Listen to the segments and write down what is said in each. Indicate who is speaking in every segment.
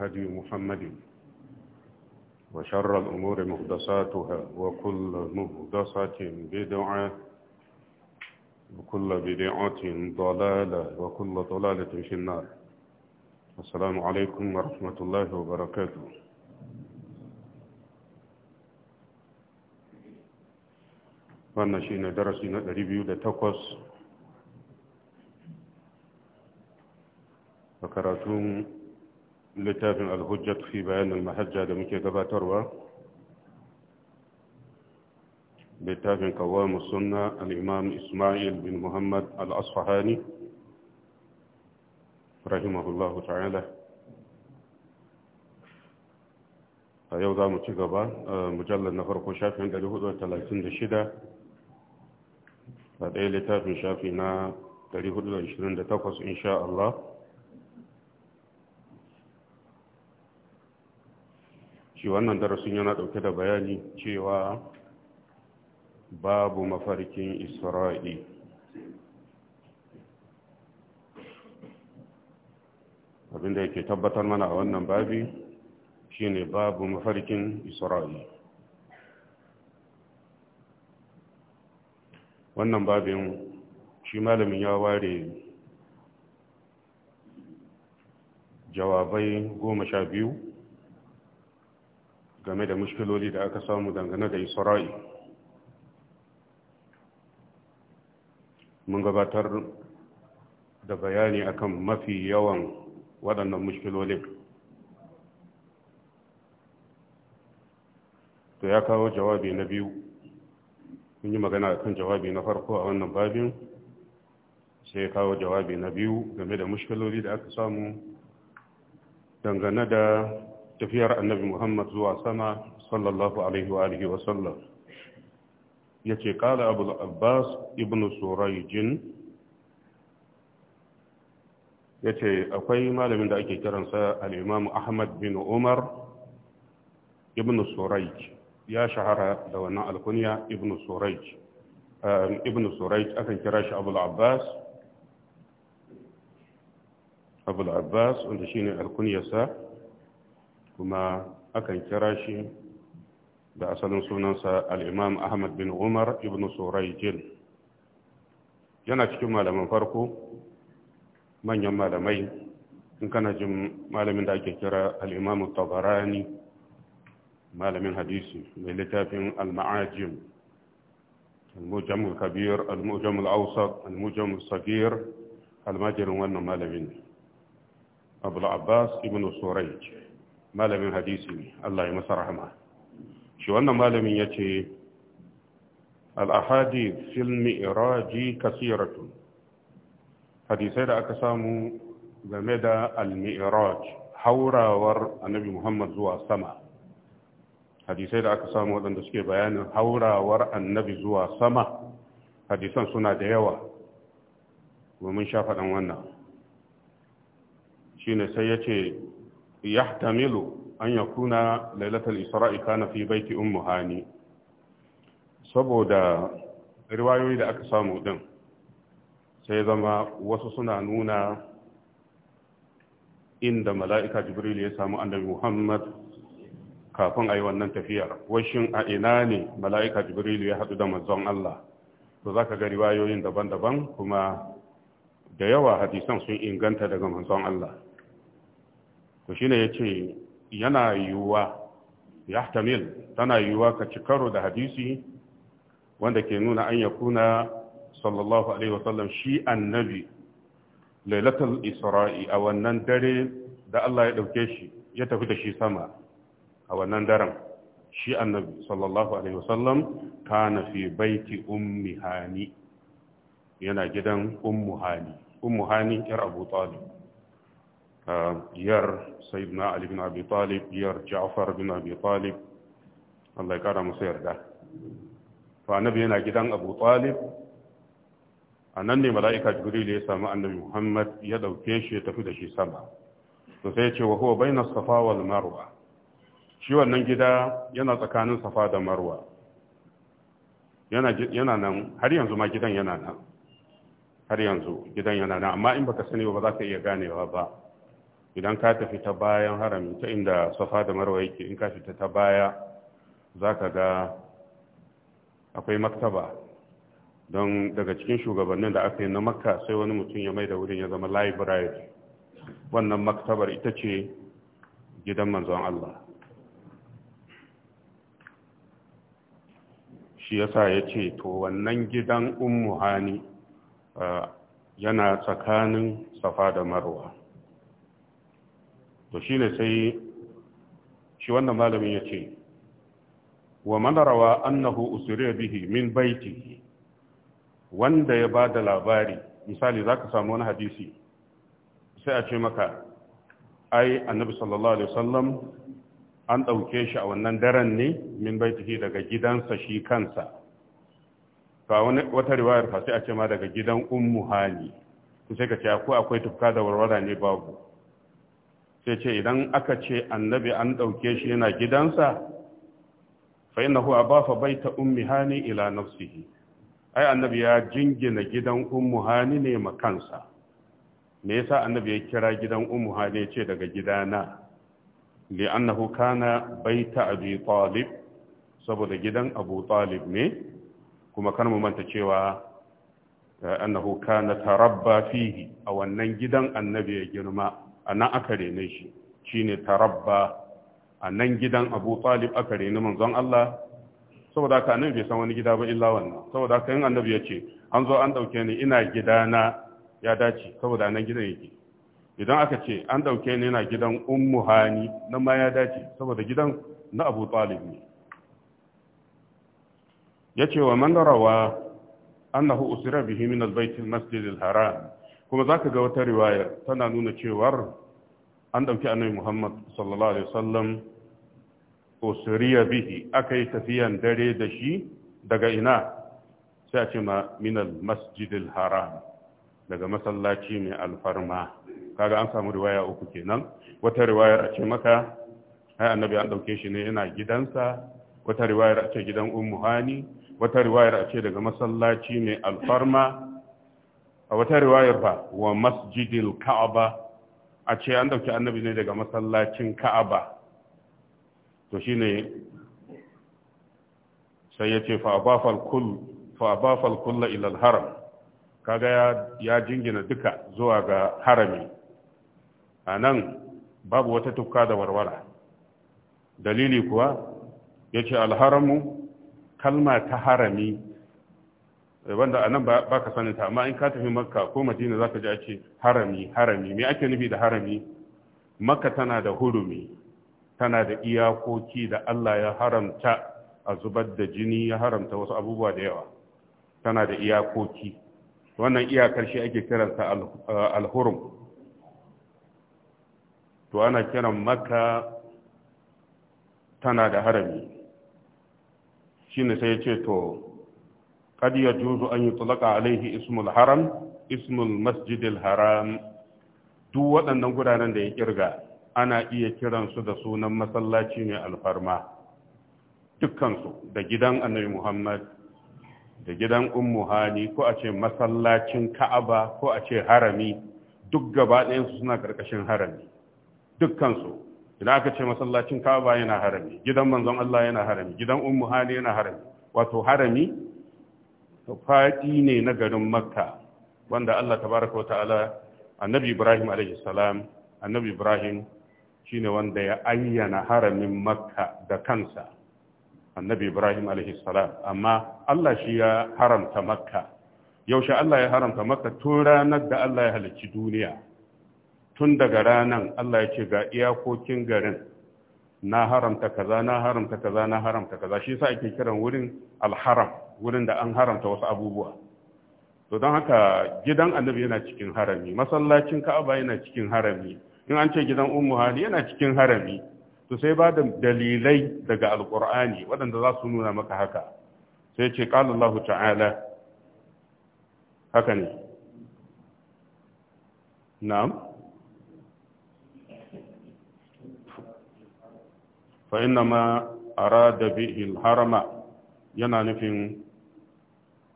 Speaker 1: هدي محمد وشر الأمور مهدساتها وكل مهدسة بدعة وكل بدعة ضلالة وكل ضلالة في النار السلام عليكم ورحمة الله وبركاته wannan shi ne darasi na 208 a karatun لتافن الحجة في بيان المحجة هذا من كتابة تروى لتافن قوام السنة الإمام إسماعيل بن محمد الأصفهاني رحمه الله تعالى يوضع أيوة، متقبة آه، مجلد نفر قشاف عند الهدى تلاتين دشدة فهذا لتافن شافنا تاريخ 20 دتقص إن شاء الله shi wannan darasin yana ɗauke da bayani cewa babu mafarkin isra'i abinda yake tabbatar mana a wannan babi shine babu mafarkin isra'i wannan babin shi malamin ya ware jawabai goma sha biyu game da mushkiloli da aka samu dangane da isra'i mun gabatar da bayani akan mafi yawan waɗannan mushkilolin to ya kawo jawabi na biyu mun yi magana akan jawabi na farko a wannan babin sai ya kawo jawabi na biyu game da mushkiloli da aka samu dangane da tafiyar annabi Muhammad zuwa sama sallallahu alaihi wa alihi wa sallam yace qala abul abbas ibn surayjin yace akwai malamin da ake kiransa al-imam ahmad bin umar ibn surayj ya shahara da wannan alkunya ibn surayj eh, ibn surayj akan kira shi abul abbas abul abbas wanda shine alkunyarsa kuma akan kira shi da asalin sunansa al'imam ahmad bin umar ibn surajin yana cikin malaman farko manyan malamai in kana jin malamin da ake kira al'imamu tabarani malamin hadisi mai littafin al-ma'ajim al-mujam al-kabir al-mujam al-awsat al almajirin wannan malamin abu abbas ibn surajin malamin hadisi ne Allah ya masa rahama shi wannan malamin ya ce al'ahadi filmi iraji kasiratun hadisai da aka samu game da al-mi'raj haurawar annabi muhammad zuwa sama hadisai da aka samu waɗanda suke bayanin haurawar annabi zuwa sama hadisan suna da yawa domin sha faɗan wannan shi ne sai ya ce yahtamilu an yakuna lailatul isra'i kana fi baiti ummu hani saboda riwayoyin da aka samu din sai zama wasu suna nuna inda mala'ika Jibrilu ya samu annabi muhammad kafin a yi wannan tafiyar washin a ina ne mala'ika Jibrilu ya haɗu da manzon allah to za ka ga riwayoyin daban-daban kuma da yawa hadisan sun inganta daga manzon allah to ya ce yana yiwuwa yahtamil tana yiwuwa ka ci karo da hadisi wanda ke nuna an ya yakuna sallallahu alaihi wasallam shi annabi lailatul isra'i a wannan dare da Allah ya ɗauke shi ya tafi da shi sama a wannan daren shi annabi sallallahu alaihi wasallam kana fi baiti ummi hani yana gidan ummu hani ummu hani yar abu talib yar sayyidina ali bin abi talib yar ja'far bin abi talib Allah ya kara masa yarda to annabi yana gidan abu talib anan ne mala'ika jibril ya samu annabi muhammad ya dauke shi ya tafi da shi sama to sai ya ce wa huwa bainas safa wal marwa shi wannan gida yana tsakanin safa da marwa yana nan har yanzu ma gidan yana nan har yanzu gidan yana nan amma in baka sani ba za ka iya ganewa ba idan ka tafi ta bayan harami ta inda safa da marwa yake in ka fita ta baya za ka ga akwai maktaba don daga cikin shugabannin da aka yi na makka sai wani mutum ya mai da wurin ya zama library wannan maktabar ita ce gidan manzon Allah shi yasa ya ce to wannan gidan ummu hani eh, yana tsakanin safa da marwa to shi ne sai shi wannan malamin ya ce wa man rawa annahu usriya bihi min baitihi wanda ya bada labari misali zaka samu wani hadisi sai a ce maka ai annabi sallallahu alaihi wasallam an ɗauke shi a wannan daren ne min baitihi daga gidansa shi kansa wani wata riwayar fa sai a ce ma daga gidan ummu hali sai ka ce akwai tufka da warwara ne babu sai ce idan aka ce annabi an ɗauke shi yana gidansa fa bai ta baita ummi hani ila nafsihi ai annabi ya jingina gidan ummu hani ne ma kansa me yasa annabi ya kira gidan ummu hani ce daga gidana li annahu kana baita abi talib saboda gidan abu talib ne kuma kar mu manta cewa eh, annahu kana tarabba fihi a wannan gidan annabi ya girma a nan aka rene shi shi ne tarabba a nan gidan abu talib aka rene manzon Allah saboda ka annabi bai san wani gida ba illa wannan saboda ka yin annabi ya ce an zo an ɗauke ni ina gidana ya dace saboda nan gidan yake idan aka ce an ɗauke ni ina gidan ummu hani nan ma ya dace saboda gidan na abu talib ne ya ce wa man rawa annahu usira bihi min albayt masjidil Haram? kuma za ka ga wata riwaya tana nuna cewar an ɗauki annabi muhammad sallallahu alaihi wasallam usriya bihi aka yi tafiyan dare da shi daga ina sai a ce ma minal masjidil haram daga masallaci mai alfarma kaga an samu riwaya uku kenan wata riwayar a ce maka ai annabi an ɗauke shi ne yana gidansa wata riwayar a ce gidan ummu hani wata riwayar a ce daga masallaci mai alfarma a wata riwayar fa wa masjidil ka'aba a ce an dauki annabi ne daga masallacin ka'aba to shine sai ya ce fa abafal kulla ilal haram kaga ya jingina duka zuwa ga harami a nan babu wata tukka da warwara dalili kuwa ya ce alharamu kalma ta harami wanda eh, a nan ba ka sanin ta amma in ka tafi makka ko madina zaka ji ake harami harami me ake nufi da harami makka tana da hurumi tana da iyakoki da allah ya haramta a zubar da jini ya haramta wasu abubuwa da yawa tana da iyakoki wannan iyakar shi ake kiransa eh, alhurum to ana kiran makka tana da harami shine sai ya ce to قد يجوز أن يطلق عليه اسم الحرم اسم المسجد الحرام دو waɗannan guraren da ya kirga ana iya kiransu da sunan masallaci ne alfarma dukkansu da gidan annabi Muhammad da gidan ummu hani ko a ce masallacin ka'aba ko a ce harami duk gaba su suna ƙarƙashin harami dukkansu idan aka ce masallacin ka'aba yana harami gidan manzon Allah yana harami gidan ummu hani yana harami wato harami faɗi ne na garin makka wanda Allah baraka wa ta'ala annabi Ibrahim alaihi salam annabi Ibrahim shine wanda ya ayyana haramin makka da kansa annabi Ibrahim alaihi salam amma Allah shi ya haramta makka yaushe Allah ya haramta makka tun ranar da Allah ya halicci duniya tun daga ranar Allah ya ce ga iyakokin garin na haramta kaza na haramta kaza na haramta kaza shi yasa ake kiran wurin alharam wurin da an haramta wasu abubuwa to don haka gidan annabi yana cikin harami masallacin ka'aba yana cikin harami in an ce gidan ummu hali yana cikin harami to sai ba da dalilai daga Alƙur'ani waɗanda za su nuna maka haka sai ce ƙalallahu ta'ala haka ne na'am ara da به harama yana nufin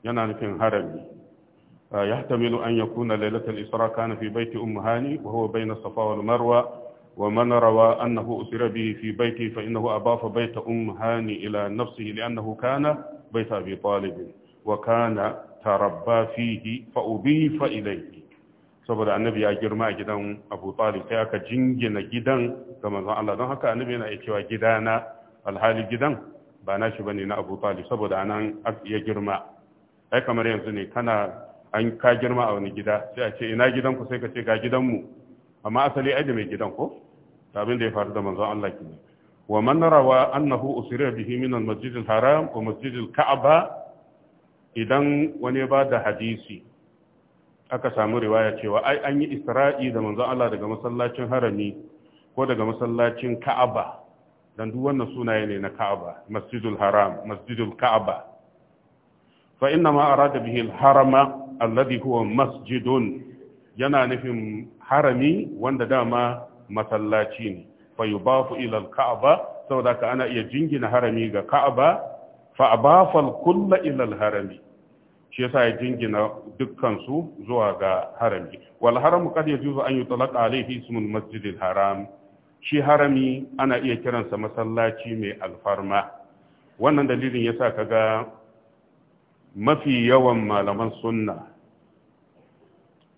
Speaker 1: yana nufin harami ah, yahtamilu an kuna lailatar isra kana fi baiti umm hani wa huwa na safa wal marwa ومن روى أنه أسر به في بيته فإنه أضاف بيت أم هاني إلى نفسه لأنه كان بيت أبي طالب وكان تربى فيه فأضيف إليه saboda annabi ya girma a gidan Abu Talib sai aka jingina gidan ga manzon Allah don haka annabi yana cewa gidana alhali gidan ba nashi bane na Abu Talib saboda anan ya girma ai kamar yanzu ne kana an ka girma a wani gida sai a ce ina gidanku sai ka ce ga gidanmu amma asali ai da mai gidan ko abin da ya faru da manzon Allah ke wa man rawa annahu usira bihi min al-masjid al-haram wa masjid al-ka'aba idan wani ba da hadisi aka samu riwaya cewa ai an yi isra'i da manzon Allah daga masallacin harami ko daga masallacin ka'aba dan duk wannan sunaye ne na ka'aba masjidul haram masjidul ka'aba fa inna ma arada bihi al-harama alladhi huwa masjidun yana nufin harami wanda dama masallaci ne fa yubafu ila al-ka'aba saboda ka ana iya jingina harami ga ka'aba fa abafa al-kulla ila harami shi yasa ya jingina dukkan zuwa ga harami wal haramu kad yajuzu an yutlaqa alayhi ismul masjidil haram shi harami ana iya kiransa masallaci mai alfarma wannan dalilin yasa ga. mafi yawan malaman sunna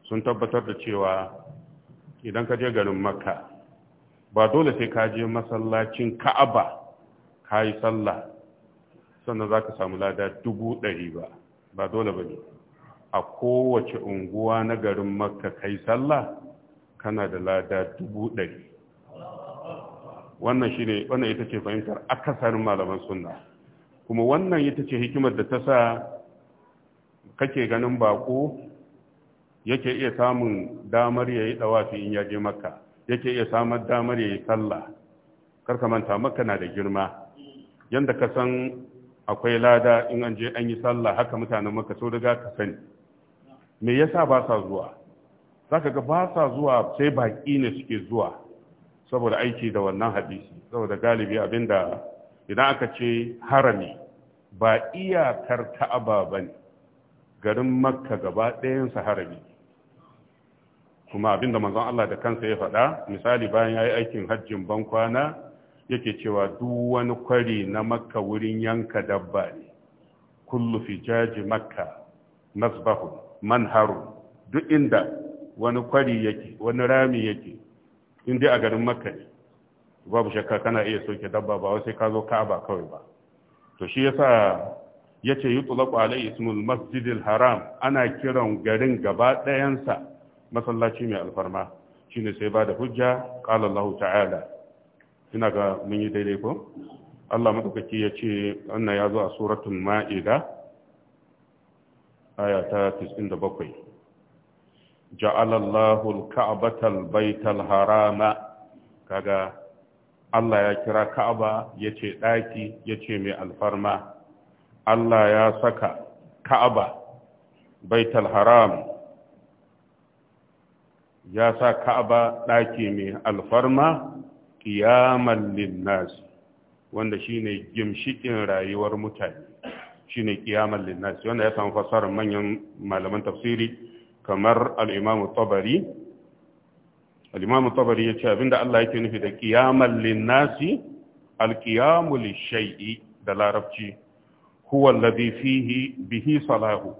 Speaker 1: sun tabbatar da cewa idan ka je garin makka ba dole sai ka je masallacin ka'aba ka yi sallah sannan za ka samu lada dubu ɗari ba ba dole ba ne a kowace unguwa na garin makka ka yi sallah kana da lada dubu ɗari wannan shi ne wannan ita ce fahimtar akasarin malaman sunna kuma wannan ita ce hikimar da ta sa kake ganin bako yake iya samun damar ya yi ɗawafi in ya je makka yake iya samun damar ya yi sallah karka manta makka na da girma yadda ka san akwai lada in an je an yi sallah haka mutanen makka so daga ka sani me yasa ba sa zuwa Za ka ga ba sa zuwa sai baƙi ne suke zuwa saboda aiki da wannan hadisi saboda galibi abinda idan aka ce harami ba iyakar ka'aba bane garin makka gaba ɗayan saharabi kuma abinda manzon Allah da kansa ya faɗa misali bayan ya yi aikin hajjin ban kwana yake cewa duk wani kwari na makka wurin yanka dabba ne kullu fijaji makka nasbahun manharu duk inda wani kwari yake wani rami yake inda a garin makka ne babu shakka kana iya soke dabba ba wasu sai ka zo ka'aba kawai ba to shi yasa yace yutlaqu alai ismul masjidil haram ana kiran garin gaba ɗayansa masallaci mai alfarma shine sai bada hujja qala Allah ta'ala ina ga mun yi daidai ko Allah madaukaki yace wannan yazo a suratul ma'ida aya ta 97 ja'ala Allahu al-ka'bata al-baytal harama kaga Allah ya kira Ka'aba yace daki yace mai alfarma Allah ya saka Ka'aba baital Haram ya sa Ka'aba ɗaki mai alfarma ƙiyaman linnasi wanda ne gimshikin rayuwar mutane ne ƙiyaman linnasi wanda ya samu fasarar manyan malaman tafsiri kamar al-Imam Tabari al-Imam Tabari abinda Allah yake nufi da ƙiyamar linnasi al shai'i da larabci huwa ladhi fihi bihi salahu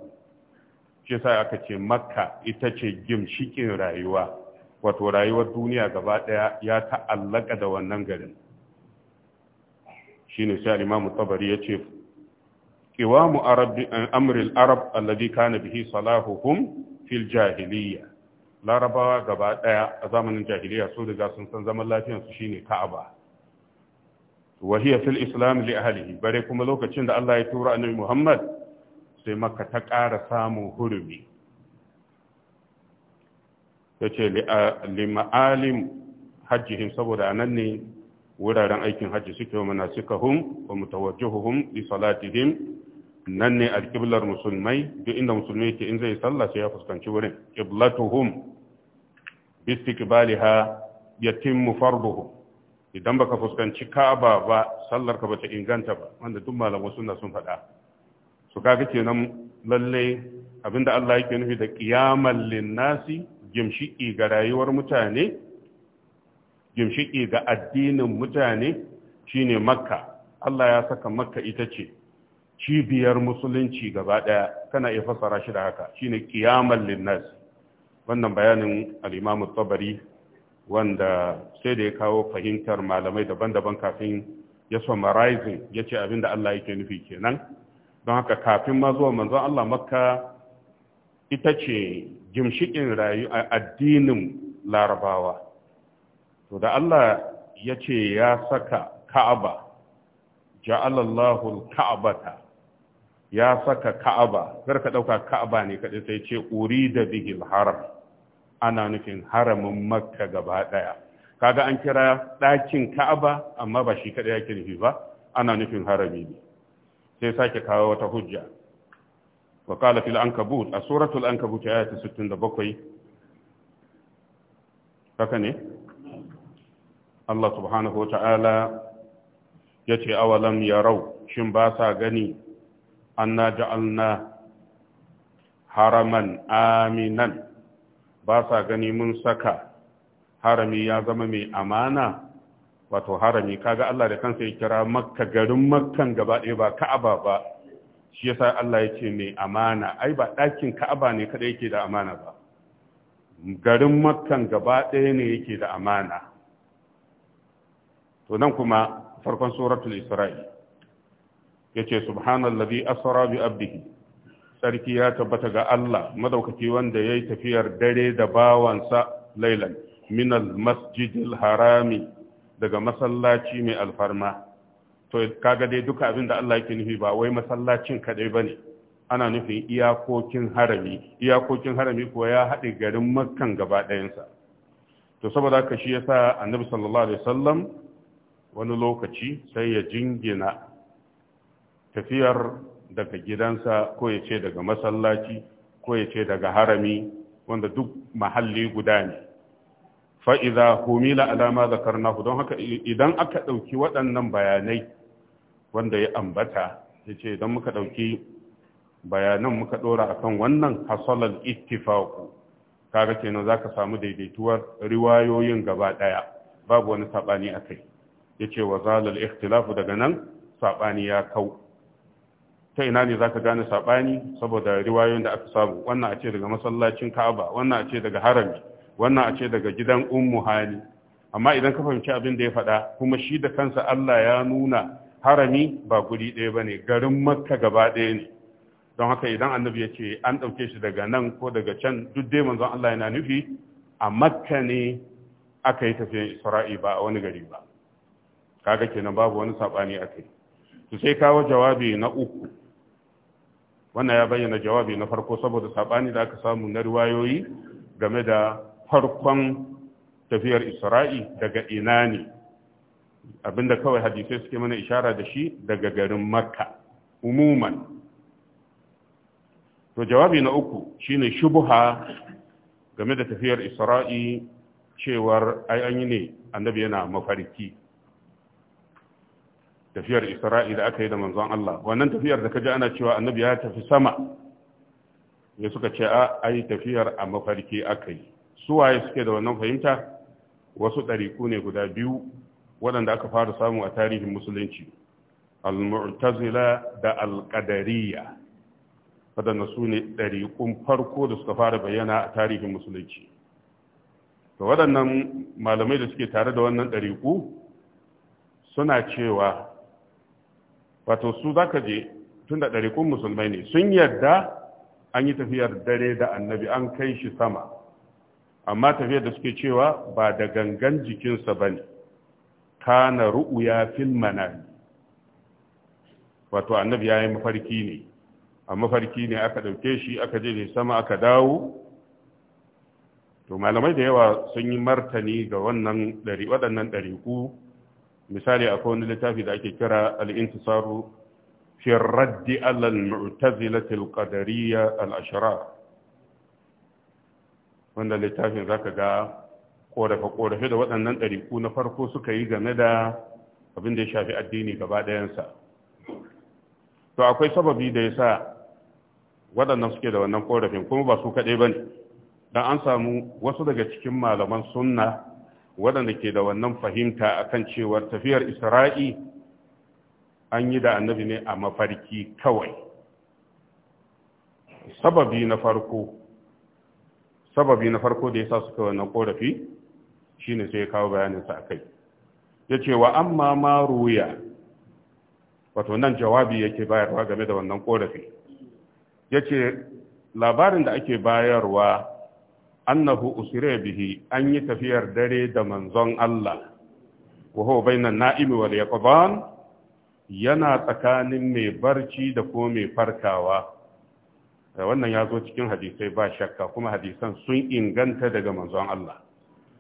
Speaker 1: shi sai aka ce makka ita ce gimshikin rayuwa wato rayuwar duniya gaba daya ya ta'allaka da wannan garin shine sai al-imam tabari yace qiwamu arab amri al-arab alladhi kana bihi salahuhum fil jahiliyya larabawa gaba daya a zamanin jahiliya su riga sun san zaman su shine ka'aba wa hiya fil islam li ahlihi bare kuma lokacin da Allah ya tura annabi Muhammad sai Makka ta ƙara samun hurumi yace li ma'alim hajjihim saboda anan ne wuraren aikin hajji suke wa manasikahum wa mutawajjihuhum li salatihim nan ne alƙiblar musulmai duk inda musulmi yake in zai sallah sai ya fuskanci wurin qiblatuhum bi istiqbaliha yatimmu farduhum idan baka fuskanci kaba ba sallar ka bata inganta ba wanda duk malaman suna sun faɗa su kaga kenan lalle abinda Allah yake nufi da qiyamal linnasi gimshiki ga rayuwar mutane gimshiki ga addinin mutane shine makka Allah ya saka makka ita ce cibiyar musulunci gaba ɗaya kana iya fassara shi da haka shine qiyamal linnasi. wannan bayanin al-Imam tabari wanda sai da ya kawo fahimtar malamai daban-daban kafin ya summarizing ya ce da Allah yake nufi kenan don haka kafin ma zuwa manzon Allah maka ita ce gimshikin rayu a addinin larabawa to da Allah ya ce ya saka ka'aba ja'alallahu ka'abata ya saka ka'aba kar ka dauka ka'aba ne kaɗai sai ce da bihil haram ana nufin haramin makka gaba daya kaga an kira ɗakin ka'aba amma ba shi kaɗai yake nufi ba ana nufin harami ne sai sake kawo wata hujja wa qala fil ankabut a suratul ankabut ayat 67 haka ne Allah subhanahu wata'ala ta'ala yace awalam yarau shin ba sa gani anna ja'alna haraman aminan ba sa gani mun saka harami ya zama mai amana wato harami kaga Allah da kansa ya kira makka garin makkan gaba ɗaya ba ka'aba ba shi yasa Allah ya ce mai amana ai ba ɗakin ka'aba ne kada yake da amana ba garin makkan gaba ɗaya ne yake da amana to nan kuma farkon suratul isra'i yace subhanallazi asra bi abdihi sarki ya tabbata ga Allah madaukaki wanda yayi tafiyar dare da bawansa lailan min al-masjidil harami daga masallaci mai alfarma to kaga dai duka abin da Allah yake nufi ba wai masallacin kadai bane ana nufin iyakokin harami iyakokin harami kuwa ya haɗe garin makkan gaba ɗayansa to saboda haka shi yasa annabi sallallahu alaihi wasallam wani lokaci sai ya jingina tafiyar daga gidansa ko ya ce daga masallaci ko ya ce daga harami wanda duk mahalli guda ne fa'iza humila alama zakarnahu don haka idan aka ɗauki waɗannan bayanai wanda ya ambata ya ce idan muka ɗauki bayanan muka ɗora akan kan wannan hasalar ittifaku kaga kenan za ka samu daidaituwar riwayoyin gaba ɗaya babu wani saɓani a kai ya ce wa zalar ikhtilafu daga nan saɓani ya kau ta ina ne za ka gane saɓani saboda riwayoyin da aka samu wannan a ce daga masallacin Ka'aba wannan a ce daga harami wannan a ce daga gidan ummu hali amma idan ka fahimci abin da ya faɗa kuma shi da kansa Allah ya nuna harami ba guri ɗaya bane garin Makka gaba ɗaya ne don haka idan annabi ya ce an ɗauke shi daga nan ko daga can duk dai manzon Allah yana nufi a Makka ne aka yi tafiyan Isra'i ba a wani gari ba kaga kenan babu wani sabani akai to sai kawo jawabi na uku wannan ya bayyana jawabi na farko saboda saɓani da aka samu na riwayoyi game da farkon tafiyar isra'i daga ina ne abinda kawai hadisai suke mana ishara da shi daga garin makka umuman to jawabi na uku shine shubuha game da tafiyar isra'i cewar ai an yi ne annabi yana mafarki tafiyar isra'i da aka yi da manzon Allah wannan tafiyar da je ana cewa annabi ya tafi sama ya suka ce a ai tafiyar a mafarki aka yi suwaye suke da wannan fahimta wasu ɗariku ne guda biyu waɗanda aka fara samu a tarihin musulunci al-mu'tazila da al-qadariyya waɗanda su ne ɗariƙun farko da suka fara bayyana a tarihin musulunci da waɗannan malamai da suke tare da wannan ɗariƙu suna cewa wato su za ka je tun ɗari ɗarikun musulmai ne sun yarda an yi tafiyar dare da annabi an kai shi sama amma tafiyar da suke cewa ba da gangan jikinsa ba ne kana ru'uya fil manami wato annabi ya yi mafarki ne a mafarki ne aka ɗauke shi aka je ne sama aka dawo to malamai da yawa sun yi martani ga wannan ɗari waɗannan ɗariku misali akwai wani littafi da ake kira al-intisaru fi raddi ala al-mu'tazilati al-qadariyya al wanda littafin zaka ga korafe-korafe da waɗannan ɗariku na farko suka yi game da abin da ya shafi addini gaba ɗayansa to akwai sababi da ya sa waɗannan suke da wannan korafin kuma ba su kaɗai ba ne don an samu wasu daga cikin malaman sunna waɗanda ke da wannan fahimta a kan cewar tafiyar isra'i an yi da annabi ne a mafarki kawai sababi na farko sababi na farko da ya sa suka wannan korafi ne sai ya kawo bayaninsa a kai ya ce wa amma ma ruya wato nan jawabi yake bayarwa game da wannan korafi ya ce labarin da ake bayarwa annahu usire bihi an yi tafiyar dare da manzon Allah wa huwa bainan na'imi wal yaqdan yana tsakanin mai barci da ko mai farkawa eh, wannan ya zo cikin hadisai ba shakka kuma hadisan sun inganta daga manzon Allah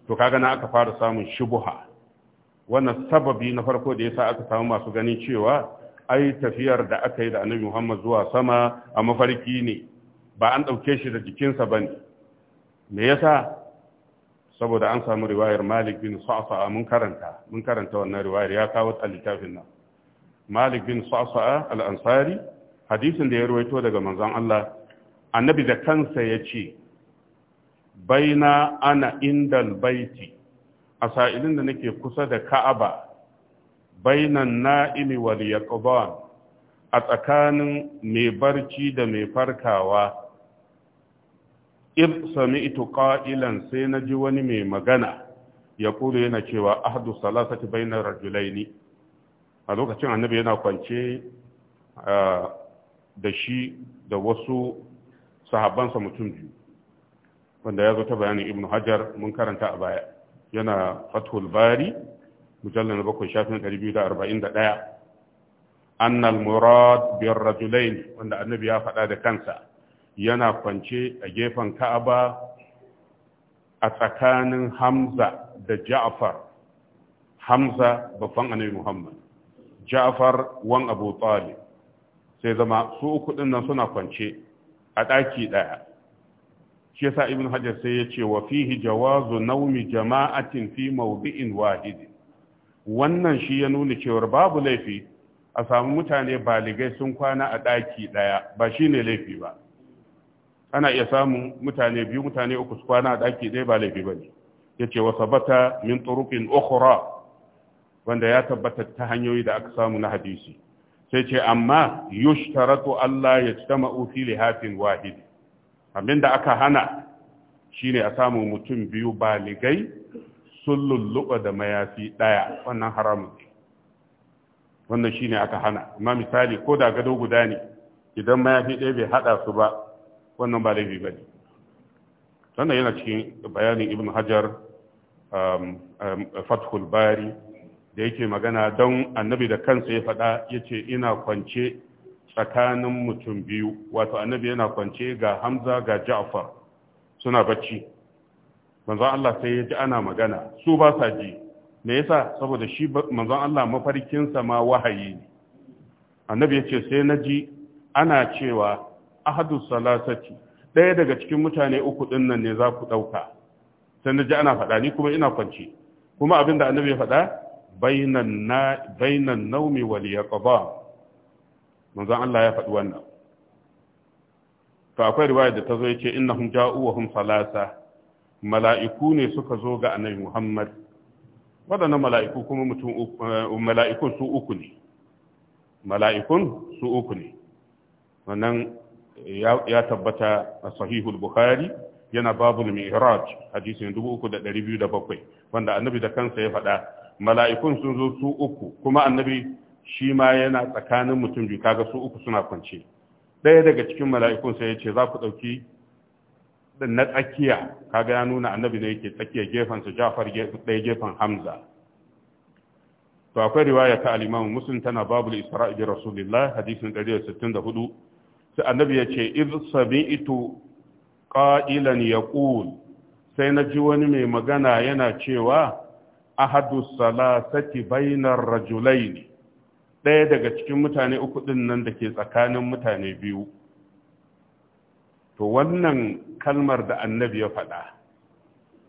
Speaker 1: to kaga na aka fara samun shubuha wannan sababi na farko da yasa aka samu masu ganin cewa ai tafiyar da aka yi da Annabi Muhammad zuwa sama a mafarki ne ba an dauke shi da jikinsa bane me yasa saboda an samu riwayar Malik bin Sa'sa'a mun karanta mun karanta wannan riwayar ya kawo a littafin nan Malik bin Sa'sa'a al-Ansari hadisin da ya ruwaito daga manzon Allah annabi da kansa ya ce baina ana indal baiti a sa'ilin da nake kusa da Ka'aba bainan na'imi wal yaqban a tsakanin mai barci da mai farkawa sami ito ƙa’ilan sai na ji wani mai magana ya kulu yana cewa ahadu salasati bainar rajulaini a lokacin annabi yana kwance da shi da wasu sahabansa mutum biyu wanda ya zo ta bayanin ibnu hajar mun karanta a baya yana fathul bari mujallar na bakwai shafin 241 annal murad biyar rajulaini wanda annabi ya faɗa da kansa yana kwance a gefen ka'aba a tsakanin hamza da ja'far hamza babban annabi muhammad ja'far wan abu talib sai zama su uku din nan suna kwance a ɗaki ɗaya shi yasa ibn hajar sai ya ce wa fihi jawazu naumi jama'atin fi mawdi'in wahid wannan shi ya nuna cewa babu laifi a samu mutane baligai sun kwana a ɗaki ɗaya ba shine laifi ba ana iya samun mutane biyu mutane uku su kwana a ɗaki ɗaya ba laifi ba ne ya ce wa sabata min turuqin ukhra wanda ya tabbata ta hanyoyi da aka samu na hadisi sai ce amma yushtaratu Allah ya tama'u fi lihafin wahid da aka hana shine a samu mutum biyu baligai sun lulluɓa da mayafi ɗaya wannan haramun wannan shine aka hana amma misali ko da gado guda ne idan mayafi ɗaya bai haɗa su ba wannan ba laifi bane sannan yana cikin bayanin ibn hajar um, um, fathul bari da yake magana don annabi da kansa ya faɗa ya ce ina kwance tsakanin mutum biyu wato annabi yana kwance ga hamza ga ja'far suna bacci manzon Allah sai ya ji ana magana su ba sa ji me yasa saboda shi manzon Allah mafarkinsa ma wahayi ne annabi ya ce sai na ji ana cewa ahadu salasati ɗaya daga cikin mutane uku ɗin nan ne za ku ɗauka sai na ji ana faɗa ni kuma ina kwanci kuma abin da annabi ya faɗa bainan naumi wal yaqba manzon Allah ya faɗi wannan to akwai riwaya da ta zo yace innahum ja'u wa hum salasa mala'iku ne suka zo ga annabi Muhammad waɗannan mala'iku kuma mutum eh, mala'ikun su uku ne mala'ikun su uku ne wannan ya tabbata a sahihul bukhari yana babul mi'raj da 3207 wanda annabi da kansa ya faɗa mala'ikun sun zo su uku kuma annabi shi ma yana tsakanin mutum biyu kaga su uku suna kwance ɗaya daga cikin mala'ikun sai ya ce za ku ɗauki na tsakiya kaga ya nuna annabi ne yake tsakiya gefensa jafar ɗaya gefen hamza to akwai riwaya ta al-imam muslim tana babul isra'i bi rasulillah hadisin 164 sai annabi ya ce iz sami'tu qa'ilan yaqul sai na ji wani mai magana yana cewa ahadu salasati bainar rajulaini ɗaya daga cikin mutane uku ɗin nan da ke tsakanin mutane biyu to wannan kalmar da annabi ya faɗa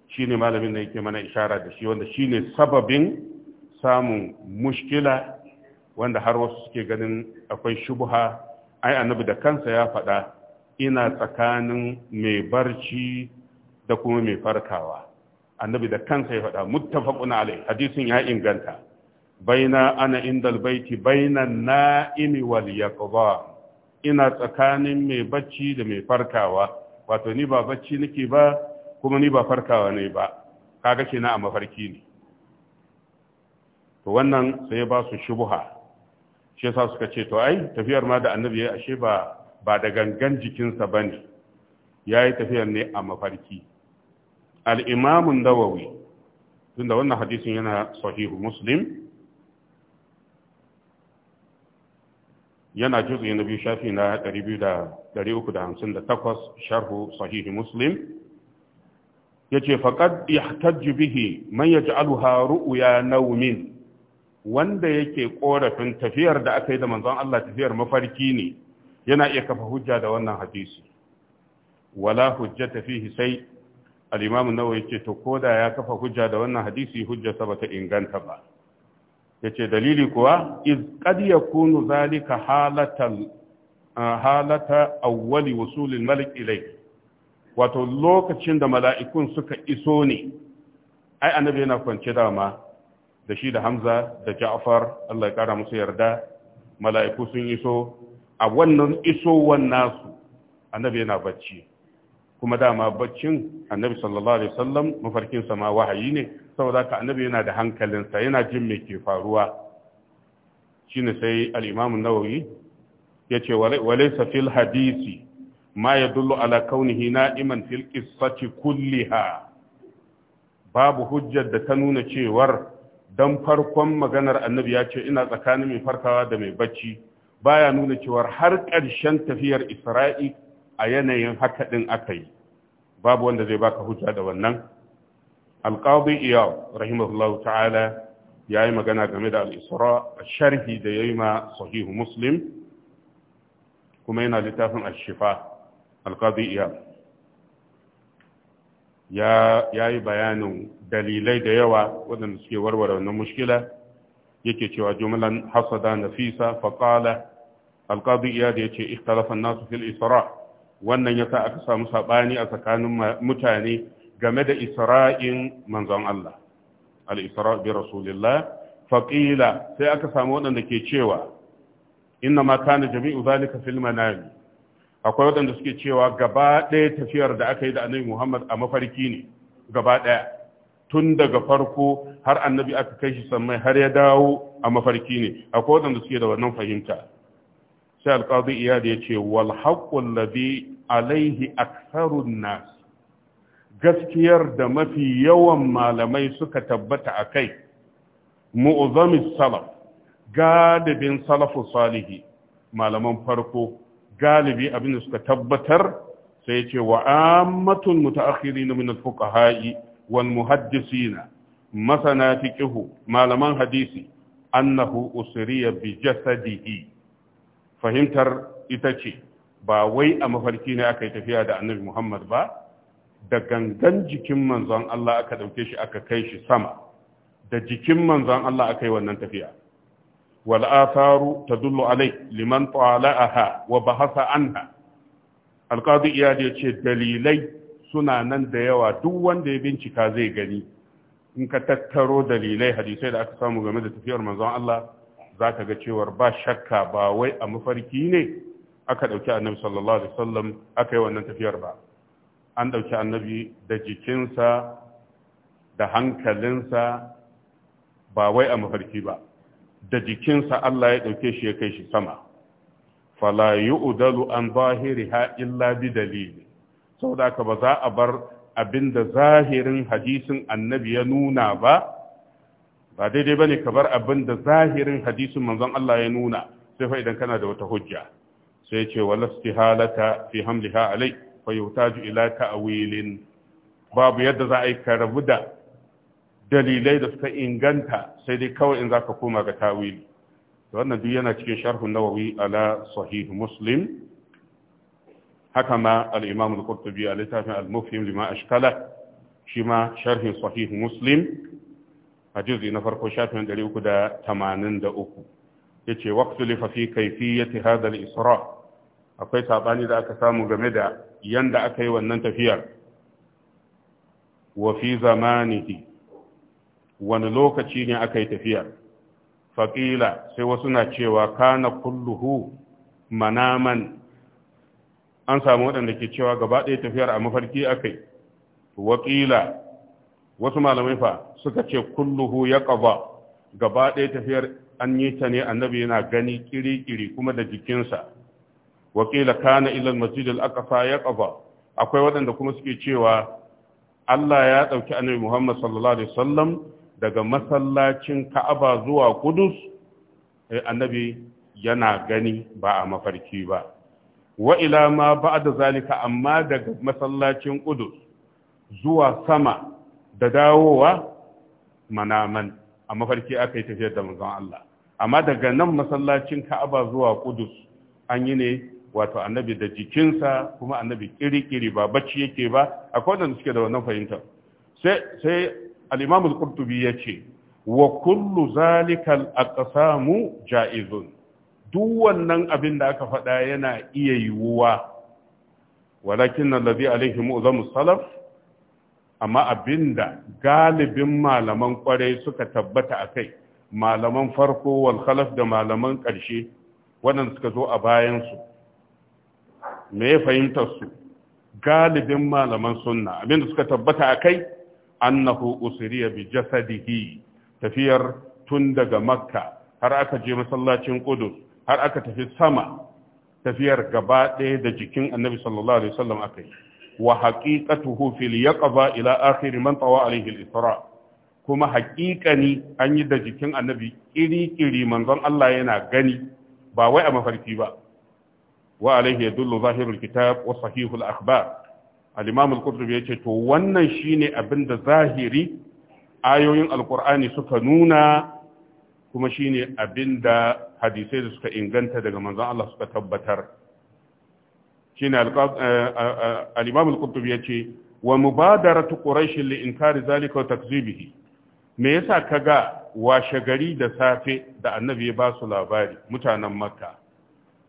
Speaker 1: shi malamin da yake mana ishara da shi wanda shi ne sababin samun mushkila wanda har wasu suke ganin akwai shubha ai annabi da kansa ya faɗa ina tsakanin mai barci da kuma mai farkawa annabi da kansa ya faɗa muttafaqun alai hadisin ya inganta baina ana indal baiti baina na'imi wal yaqba ina tsakanin mai bacci da mai farkawa wato ni ba bacci nake ba kuma ni ba farkawa ne ba kaga kenan a mafarki ne to wannan sai ya ba su shubha shi yasa suka ce to ai tafiyar ma da annabi ya ashe ba ba da gangan jikinsa ba ne ya yi tafiyar ne a mafarki al'imamun dawawi tun da wannan hadisin yana sahihu muslim yana jutsu na biyu shafi na 358 sharhu sahihu muslim ya ce faƙad ya tajjubihi man ya ji alharu ya naumin wanda yake korafin tafiyar da aka yi da manzon Allah tafiyar mafarki ne yana iya kafa hujja da wannan hadisi wala hujja fihi sai al-imam an-nawawi yace to koda ya kafa hujja da wannan hadisi hujjarsa bata inganta ba yace dalili kuwa iz qad yakunu zalika halatan halata awwali wusul al-malik ilayhi wato lokacin da mala'ikun suka iso ne ai annabi yana kwance dama da shi da Hamza da Ja'far Allah ya kara musu yarda mala'iku sun iso a wannan isowan nasu annabi yana bacci kuma dama baccin annabi sallallahu alaihi wasallam mafarkin sa ma wahayi ne saboda ka annabi yana da hankalinsa yana jin me ke faruwa shine sai al-Imam an-Nawawi yace walaysa fil hadisi ma yadullu ala kaunihi na'iman fil qissati kulliha babu hujjar da ta nuna cewar don farkon maganar annabi ya ce ina tsakanin mai farkawa da mai bacci baya nuna cewar har ƙarshen tafiyar isra'i a yanayin haka ɗin aka yi babu wanda zai baka hujja da wannan alƙawai iya rahimahullahu ta'ala ya yi magana game da al'isra a sharhi da ya yi ma sahihu muslim kuma yana littafin shifa. alƙawai iya ya yi bayanin dalilai da yawa waɗanda suke warware wannan mushkila yake cewa jumlan hasada nafisa faqala alqadi iyad yace ikhtalafa an-nasu fil isra wannan yasa aka samu sabani a tsakanin mutane game da isra'in manzon Allah al-isra bi rasulillah faqila sai aka samu waɗanda ke cewa inna ma kana jami'u zalika fil manami akwai waɗanda suke cewa gaba ɗaya tafiyar da aka yi da annabi Muhammad a mafarki ne gaba ɗaya tun daga farko har annabi aka kai shi sammai har ya dawo a mafarki ne akwai waɗanda suke da wannan fahimta sai alƙazi iyali ya ce wal haqqul ladhi alaihi aktharun nas gaskiyar da mafi yawan malamai suka tabbata a kai mu'azamis salaf galibin salafu salihi malaman farko galibi abin da suka tabbatar sai ce wa ammatul mutaakhiri min al-fuqaha'i wal muhaddisina masana fiqhu malaman hadisi annahu usriya bi fahimtar ita ce ba wai a mafarki ne aka yi tafiya da annabi Muhammad ba da gangan jikin manzon Allah aka ɗauke shi aka kai shi sama da jikin manzon Allah aka yi wannan tafiya wal atharu tadullu alai liman tala'aha wa bahasa anha alqadi iyad yace dalilai suna nan da yawa duk wanda ya bincika zai gani in ka tattaro dalilai hadisai da aka samu game da tafiyar manzon Allah za ka ga cewar ba shakka ba wai a mafarki ne aka ɗauki annabi sallallahu alaihi wasallam aka yi wannan tafiyar ba an ɗauki annabi da jikinsa da hankalinsa ba wai a mafarki ba da jikinsa Allah ya ɗauke shi ya kai shi sama fala yu'dalu an zahiriha illa bi dalili saboda ka ba za a bar abin da zahirin hadisin annabi ya nuna ba ba daidai ba ne ka bar abin da zahirin hadisin manzon Allah ya nuna sai fa idan kana da wata hujja sai ce istihalata fi hamliha alai fa yutaju ila ta'wilin babu yadda za a yi ka rabu da dalilai da suka inganta sai dai kawai in zaka koma ga tawili wannan duk yana cikin sharhun nawawi ala sahih muslim haka ma al-imam a littafin al-mufhim lima ashkala shi ma sharhin sahih muslim a juz'i na farko shafin 383 yace waqtu li kaifi ya hadha al-isra akwai sabani da aka samu game da yanda aka yi wannan tafiyar Wafi fi zamanihi wani lokaci ne aka yi tafiyar faƙila sai wasu na cewa kana kulluhu manaman an samu waɗanda ke cewa gaba ɗaya tafiyar a mafarki akai wakila wasu malamai fa suka ce kulluhu ya ƙaba gaba ɗaya tafiyar an yi ta ne annabi yana gani kiri-kiri kuma da jikinsa wakila kana ilal masjid al-aqsa ya ƙaba akwai waɗanda kuma suke cewa Allah ya ɗauki annabi Muhammad sallallahu alaihi wasallam daga masallacin Ka'aba zuwa Kudus annabi yana gani ba a mafarki ba wa ila ma ba'da zalika amma daga masallacin Qudus zuwa sama da dawowa manaman a mafarki aka yi tafiyar da manzon Allah amma daga nan masallacin Ka'aba zuwa Qudus an yi ne wato annabi da jikinsa kuma annabi kirikiri ba bacci yake ba akwai wanda suke da wannan fahimta sai sai al-Imam al-Qurtubi yace wa kullu zalikal aqsamu ja'izun duk wannan abin da aka faɗa yana iya yiwuwa walakin na labi alaihi mu'uzamu salaf amma abin da galibin malaman kwarai suka tabbata a kai malaman farko wal khalaf da malaman ƙarshe waɗanda suka zo a bayansu me ya fahimtar su galibin malaman sunna abin da suka tabbata a kai annahu usriya bi jasadihi tafiyar tun daga makka har aka je masallacin kudus har aka tafi sama tafiyar gaba ɗaya da jikin annabi sallallahu alaihi wasallam aka yi wa haqiqatuhu fil yaqza ila akhir man tawa alaihi al-isra kuma haƙiƙani an yi da jikin annabi kiri-kiri manzon Allah yana gani ba wai a mafarki ba wa alaihi yadullu zahirul kitab wa sahihul akhbar al-imam al-qurtubi yace to wannan shine abin da zahiri ayoyin alqur'ani suka nuna kuma shine da hadisai da suka inganta daga manzon Allah suka tabbatar shine eh, eh, al-Imam al-Qurtubi ce wa mubadaratu quraish li inkari zalika wa takzibihi me yasa ga washe gari da safe da annabi ya ba su labari mutanen makka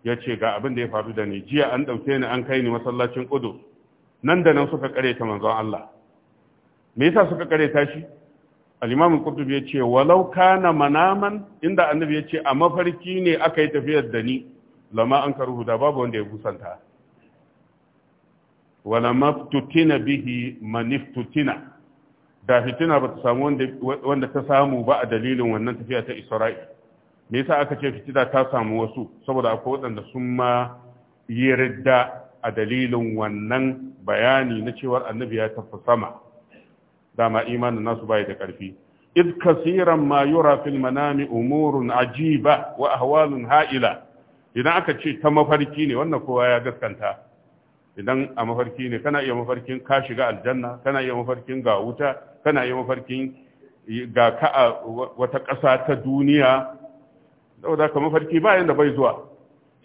Speaker 1: Ya ce ga abin da ya faru da ni jiya an dauke ni an kai ni masallacin Qudus nan da nan suka kareta manzon Allah me yasa suka kareta shi al-imam ya ce walau kana manaman inda annabi ya ce a mafarki ne aka yi tafiyar da ni lama an karuhu da babu wanda ya gusanta wala maftutina bihi maniftutina da fitina ba ta samu wanda ta samu ba a dalilin wannan tafiya ta isra'i me yasa aka ce fitina ta samu wasu saboda akwai waɗanda sun ma yarda a dalilin wannan bayani na cewar annabi ya tafi sama dama imanin nasu bai da ƙarfi id kasiran ma yura fil manami umurun ajiba wa ahwalun ha'ila idan aka ce ta mafarki ne wannan kowa ya gaskanta idan a mafarki ne kana iya mafarkin ka shiga aljanna kana iya mafarkin ga wuta kana iya mafarkin ga ka a wata ƙasa ta duniya saboda ka mafarki ba yanda bai zuwa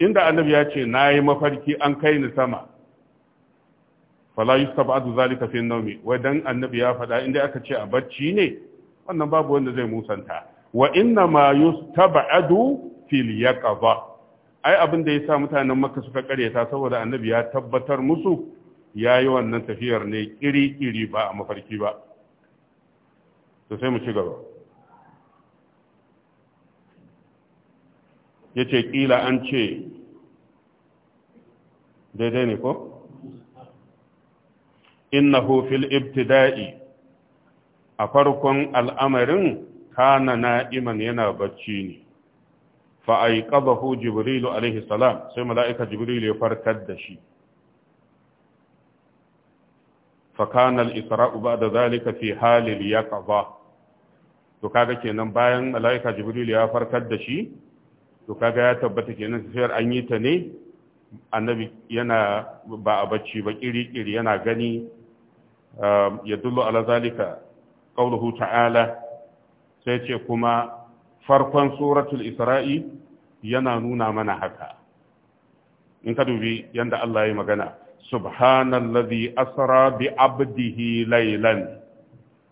Speaker 1: inda annabi ya ce na yi mafarki an kai ni sama fala yustabadu zalika fi nawmi wai dan annabi ya faɗa inda aka ce a bacci ne wannan babu wanda zai musanta wa inna ma yustabadu fil yaqaza ai abin da yasa mutanen makka suka karyata saboda annabi ya tabbatar musu yayi wannan tafiyar ne kiri kiri ba a mafarki ba to sai mu ci gaba yace kila an ce daidai ne ko innahu fil ibtida'i a farkon al'amarin kana na'iman yana bacci ne fa'aikabahu jibrilu alaihi salam sai mala'ika jibrilu ya farkar da shi fakanar isra'u da to kaga kenan bayan mala'ika jibrilu ya farkar da shi to kaga ya tabbata kenan safiyar an yi ta ne annabi yana ba a bacci ba ƙiri-ƙiri yana gani Um, dullo ala zalika qawluhu ta'ala sai ce kuma farkon suratul isra'i yana nuna mana haka in ka dubi yanda Allah ya magana subhanallazi asra bi abdihi laylan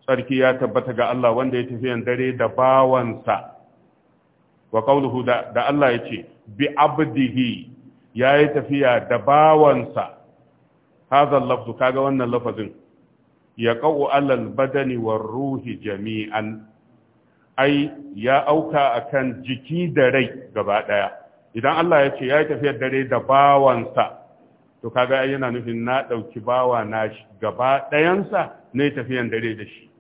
Speaker 1: sarki ya tabbata ga Allah wanda ya tafi dare da bawansa wa qawluhu da Allah ya ce bi abdihi yayi tafiya da bawansa hadha lafzu kaga wannan lafazin ya ƙa'u alal badani wa ruhi jami'an ai ya auka akan jiki da rai gaba ɗaya idan Allah ya ce ya yi tafiyar dare da bawansa to kaga ai yana nufin na ɗauki bawa na gaba ɗayansa ne tafiyan dare da shi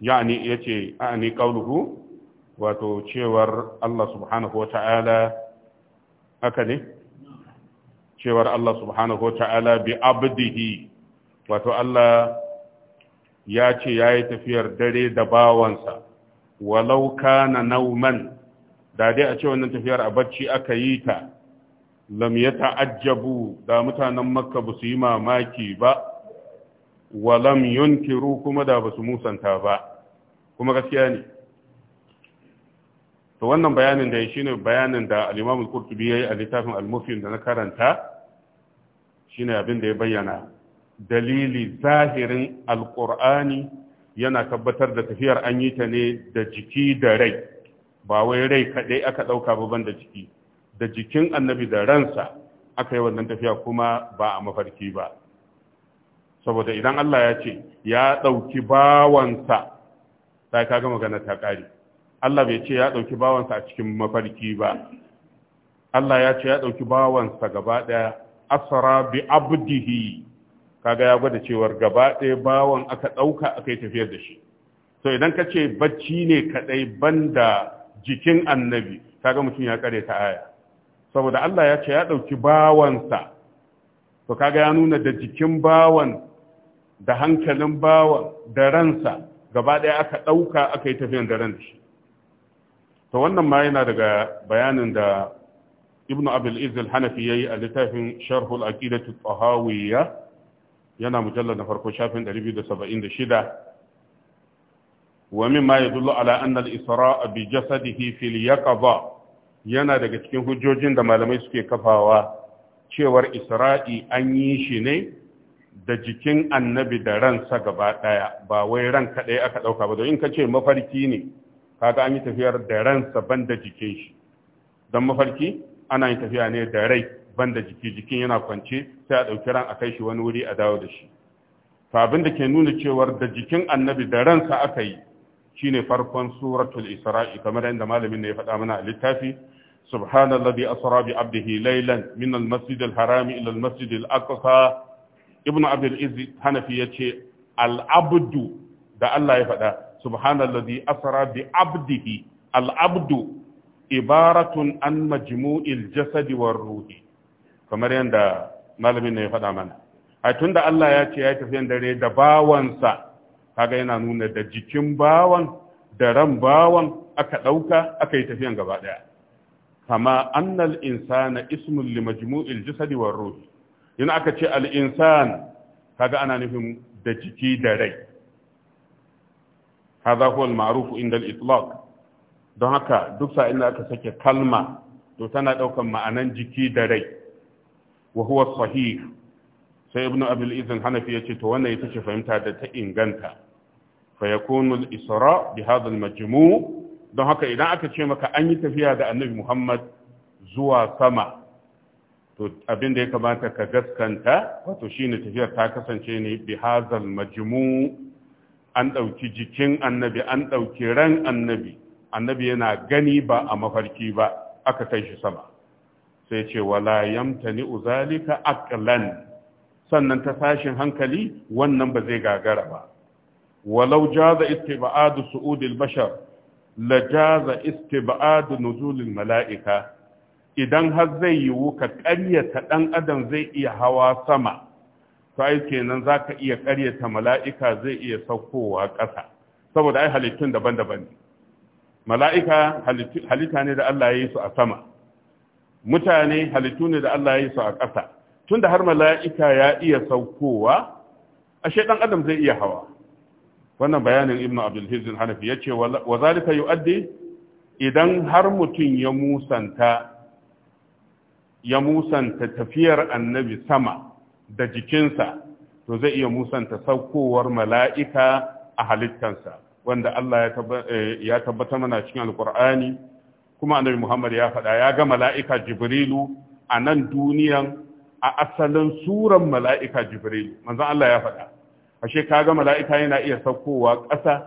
Speaker 1: yani ya ce ani ƙauluhu wato cewar Allah subhanahu wa ta'ala haka ne cewar Allah subhanahu wa ta'ala bi abdihi wato Allah ya ce ya yi tafiyar dare da bawansa walau kana nauman da dai a ce wannan tafiyar a bacci aka yi ta lam ya ta'ajjabu da mutanen makka ba su yi mamaki ba walam yunkiru kuma da ba su musanta ba kuma gaskiya ne to wannan bayanin da ya ne bayanin da al-Imam al ya yayi a littafin al da na karanta shine abin da ya bayyana dalili zahirin alƙur'ani yana tabbatar da tafiyar an yi ta ne da jiki da rai ba wai rai kaɗai aka ɗauka ba da jiki da jikin annabi da ransa aka yi wannan tafiya kuma ba a mafarki ba saboda idan Allah ya ce ya ɗauki bawansa ta kaga magana ta ƙari Allah bai ce ya ɗauki bawansa a cikin mafarki ba Allah ya ce ya ɗauki bawansa gaba ɗaya asara bi abdihi kaga ya gwada cewar gaba ɗaya bawan aka ɗauka aka yi tafiyar da shi so idan ka ce bacci ne kaɗai banda jikin annabi kaga mutum ya kare ta aya saboda Allah ya ce ya ɗauki bawansa to kaga ya nuna da jikin bawan da hankalin bawan da ransa gaba ɗaya aka ɗauka aka yi tafiyar da ran da shi to wannan ma yana daga bayanin da ibnu abil izil hanafi yayi a littafin sharhul aqidatu tahawiyya yana mujallar na farko shafin 276 wa mimma yadullu ala anna al-isra'a bi jasadihi fil yaqaba yana daga cikin hujjojin da malamai suke kafawa cewar isra'i an yi shi ne da jikin annabi da ransa gaba daya ba wai ran kadai aka dauka ba don in ka ce mafarki ne kaga an yi tafiyar da ransa ban da jikin shi don mafarki ana yin tafiya ne da rai banda jiki jikin yana kwance sai a ɗauki ran a kai shi wani wuri a dawo da shi to abin da ke nuna cewar da jikin annabi da ransa aka yi shine farkon suratul isra'i kamar yadda malamin ne ya faɗa mana a littafi subhanallazi asra bi abdihi laylan min almasjid alharam ila almasjid alaqsa ibnu abi aliz hanafi yace al'abdu da Allah ya faɗa subhanallazi asra bi abdihi al'abdu ibaratun an majmu'il jasadi war ruhi kamar yadda malamin ne ya faɗa mana a tun da Allah ya ce ya tafi dare da bawansa kaga yana nuna da jikin bawan da ran bawan aka ɗauka aka yi tafiyan gaba ɗaya kama annal insana ismun li majmu'il jasadi war ruhi yana aka ce al insan kaga ana nufin da jiki da rai hadha huwa al ma'ruf inda al itlaq don haka duk sa'in da aka sake kalma to tana ɗaukan ma'anan jiki da rai wa huwa sahih sai ibnu abul izin hanafi yace to wannan ita ce fahimta da ta inganta fa yakunu al isra bi hadha al majmu' don haka idan aka ce maka an yi tafiya da annabi muhammad zuwa sama to abin da ya kamata ka gaskanta wato shine tafiyar ta kasance ne bi hadha al majmu' an dauki jikin annabi an dauki ran annabi annabi yana gani ba a mafarki ba aka kai shi sama sai ce wala yamtani uzalika aqlan sannan ta sashin hankali wannan ba zai gagara ba walau jaza istiba'adu su'udil bashar la jaza istiba'adu nuzulil mala'ika idan har zai yiwu ka ƙaryata ɗan adam zai iya hawa sama to ai kenan za ka iya ƙaryata mala'ika zai iya saukowa ƙasa saboda ai halittun daban-daban ne mala'ika halitta ne da Allah ya yi su a sama mutane halittu ne da Allah ya yi su a ƙasa tunda har mala'ika ya iya saukowa ashe dan adam zai iya hawa wannan bayanin ibn abdul hizin hanafi ya ce wa zalika yu'addi idan har mutum ya musanta ya musanta tafiyar annabi sama da jikinsa to zai iya musanta saukowar mala'ika a halittansa wanda Allah ya eh, tabbata mana cikin alkur'ani kuma annabi Muhammad ya faɗa ya ga mala'ika Jibrilu a nan duniyan a asalin suran mala'ika Jibrilu manzon Allah ya faɗa ashe ga mala'ika yana iya saukowa ƙasa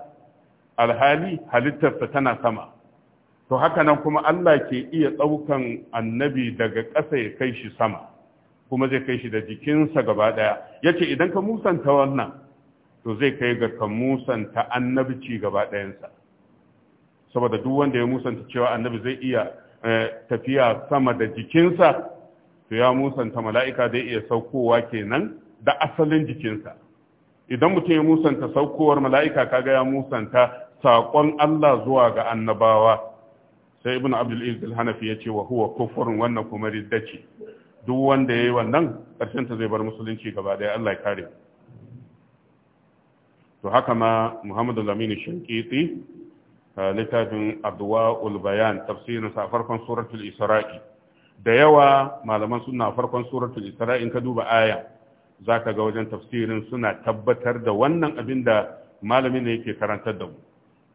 Speaker 1: alhali halittarsa tana sama to haka nan kuma Allah ke iya ɗaukan annabi daga ƙasa ya kai shi sama kuma zai kai shi da jikinsa gaba ɗaya ya ce idan ka musanta wannan to zai kai ga ka musanta annabci gaba ɗayansa saboda duk wanda ya musanta cewa annabi zai iya eh, tafiya sama da jikinsa to ya musanta mala'ika zai iya saukowa kenan da asalin jikinsa idan mutum ya musanta saukowar mala'ika kaga ya musanta saƙon Allah zuwa ga annabawa sai ibn abdul al hanafi ya ce wa huwa kufurun wannan kuma ridda ce duk wanda yayi wannan ƙarshen ta zai bar musulunci gaba ɗaya Allah ya kare to haka ma muhammadu lamini shinkiti littafin adwa'ul bayan tafsirin sa farkon suratul isra'i da yawa malaman suna farkon suratul isra'i ka duba aya zaka ga wajen tafsirin suna tabbatar da wannan abin da malamin ne yake karantar da mu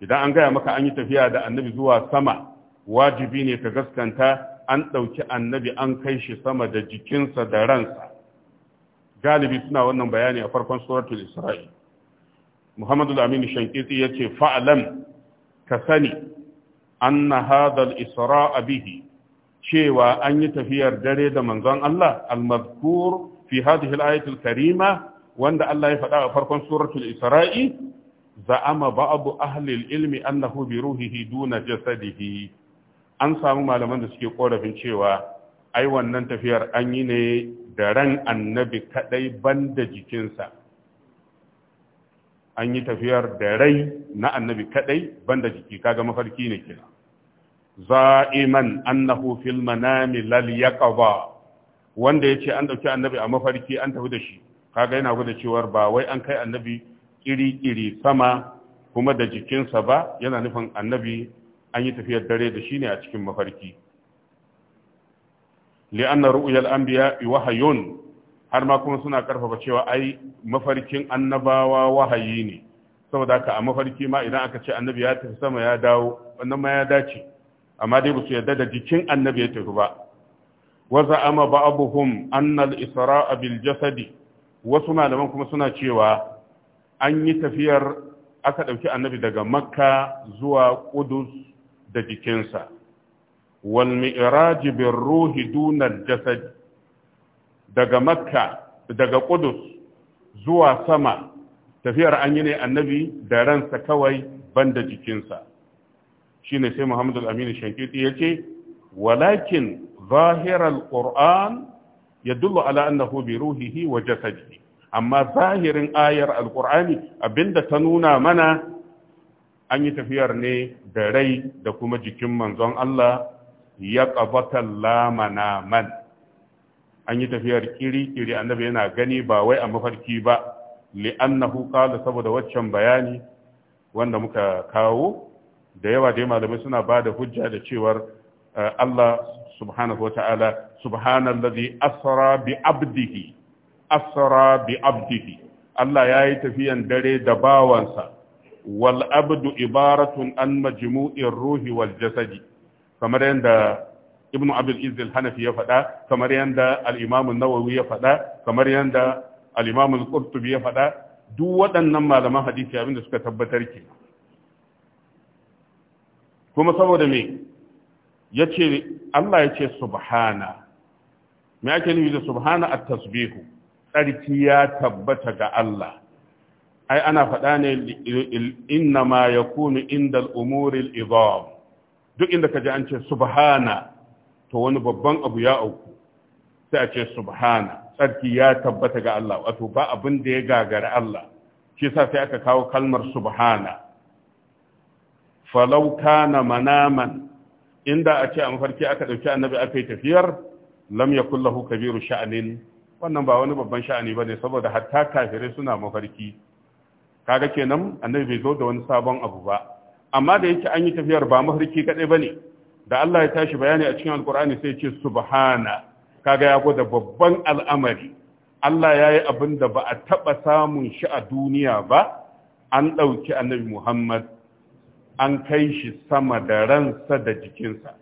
Speaker 1: idan an gaya maka an yi tafiya da annabi zuwa sama wajibi ne ka gaskanta an ɗauki annabi an kai shi sama da jikinsa da ransa galibi suna wannan bayani a farkon suratul isra'i muhammadu aminu shankiti ya ce fa'alam ka sani anna hadha al bihi cewa an yi tafiyar dare da manzon Allah al-mazkur fi hadhihi al-ayati karima wanda Allah ya faɗa a farkon suratul Isra'i za'ama ba'du ahli al-ilmi annahu bi ruhihi duna jasadihi an samu malaman da suke korafin cewa ai wannan tafiyar an yi ne da ran annabi kadai banda jikinsa an yi tafiyar da rai na annabi kadai banda jiki kaga mafarki ne kina za'iman annahu fil manami lal yaqaba wanda yace an dauki annabi a mafarki an tafi da shi kaga yana gwada cewar ba wai an kai annabi kiri-kiri sama kuma da jikinsa ba yana nufin annabi an yi tafiyar dare da shi ne a cikin mafarki li'anna ru'yal anbiya wahayun har ma kuma suna karfafa cewa ai mafarkin annabawa wahayi ne saboda haka a mafarki ma idan aka ce annabi ya tafi sama ya dawo wannan ma ya dace amma dai ba su yarda da jikin annabi ya tafi ba wa za'ama ba'abuhum anna al-isra'a bil jasadi wasu malaman kuma suna cewa an yi tafiyar aka dauki annabi daga makka zuwa qudus da jikinsa wal mi'raj bir ruhi duna jasadi daga makka daga kudus zuwa sama tafiyar an yi ne annabi da ransa kawai banda jikinsa shine sai muhammadu aminu shankiti ya ce walakin zahirar ƙur'an ya dullu ala annahu bi ruhihi wa jasadihi amma zahirin ayar alƙur'ani abinda ta nuna mana an yi tafiyar ne da rai da kuma jikin manzon Allah ya ƙabatar lamana man an yi tafiyar kiri-kiri annabi yana gani ba wai a mafarki ba li'annahu qala saboda waccan bayani wanda muka kawo da yawa da malamai suna ba da hujja da cewar eh, Allah subhanahu wa ta'ala subhanallazi asra bi abdihi asra bi abdihi Allah ya yi tafiyan dare da bawansa wal abdu ibaratun an majmu'ir ruhi wal jasadi kamar yadda ibnu abdul izil hanafi ya faɗa kamar yadda al-imam nawawi ya faɗa kamar yadda al qurtubi ya faɗa duk waɗannan malaman hadisi abin da suka tabbatar ke kuma saboda me yace Allah yace subhana me ake nufi da subhana at-tasbihu tsarki ya tabbata ga Allah ai ana faɗa ne inna ma ya kunu inda al'umuril idom duk inda ka ji an ce subhana to wani babban abu ya auku sai a ce subhana tsarki ya tabbata ga Allah wato ba abin da ya gagara Allah shi sa sai aka kawo kalmar subhana falau kana manaman inda a ce a mafarki aka ɗauki annabi aka yi tafiyar lam yakul lahu kabiru sha'anin wannan ba wani babban sha'ani bane saboda hatta kafirai suna mafarki kaga kenan annabi bai zo da wani sabon abu ba amma da yake an yi tafiyar ba mafarki kadai bane da Allah ya tashi bayani a cikin alkur'ani sai ce subhana kaga ya gwada babban al'amari Allah ya yi abin da ba a taɓa samun shi a duniya ba an ɗauki annabi Muhammad an kai shi sama da ransa da jikinsa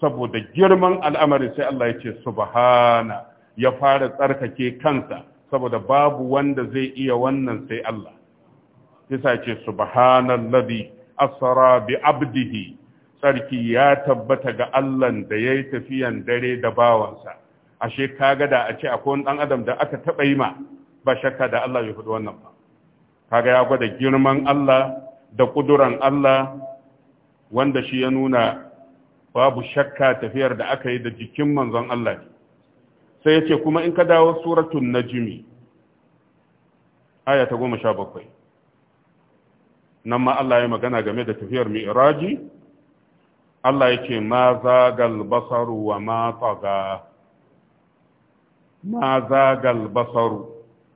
Speaker 1: saboda girman al'amari sai Allah ya ce subhana ya fara tsarkake kansa saboda babu wanda zai iya wannan sai Allah yasa ce subhanallazi asra bi abdihi Sarki ya tabbata ga Allahn da ya yi tafiyan dare da bawansa ashe kaga da a ce akwai wani adam da aka taɓa yi ma ba shakka da Allah ya faɗi wannan ba kaga ya gwada girman Allah da kuduran Allah wanda shi ya nuna babu shakka tafiyar da aka yi da jikin manzon Allah sai ya ce kuma in ka dawo suratun najimi aya ta goma sha bakwai nan ma Allah ya magana game da tafiyar mi'raji Allah ya ce ma zagal basaru wa ma tsaga ma zagal basaru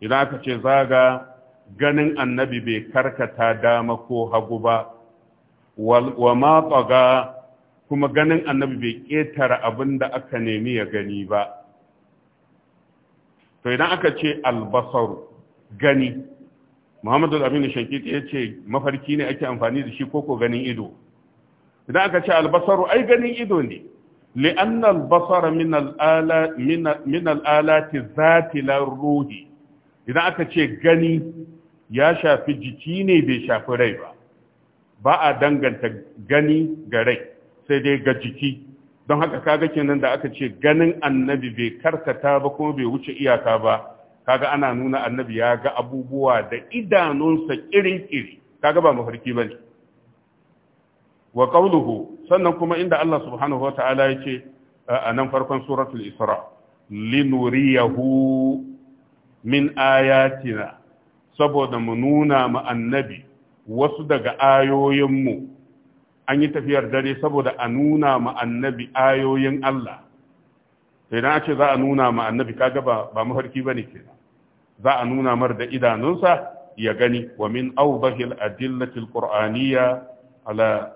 Speaker 1: idan aka ce zaga ganin annabi bai karkata dama ko hagu ba wa ma tsaga kuma ganin annabi bai ƙetare abin da aka nemi ya gani ba to idan aka ce albasaru gani muhammadu aminu shankiti ya ce mafarki ne ake amfani da shi koko ganin ido idan aka ce albasaru ai ganin ido ne anna albasara min al'alati zati ruhi idan aka ce gani ya shafi jiki ne bai shafi rai ba ba a danganta gani ga rai sai dai ga jiki don haka kaga kenan da aka ce ganin annabi bai karkata ba kuma bai wuce iyaka ba kaga ana nuna annabi ya ga abubuwa da idanunsa irin iri kaga ba mafarki bane wa ƙauluhu, sannan kuma inda Allah subhanahu wa ta'ala yace a nan farkon suratul isra linuriyahu min ayatina saboda mu nuna ma annabi wasu daga ayoyinmu an yi tafiyar dare saboda a nuna ma annabi ayoyin Allah sai na ce za a nuna ma annabi kaga ba ba mafarki bane kenan za a nuna mar da idanunsa ya gani wa min awdahil adillatil qur'aniyya ala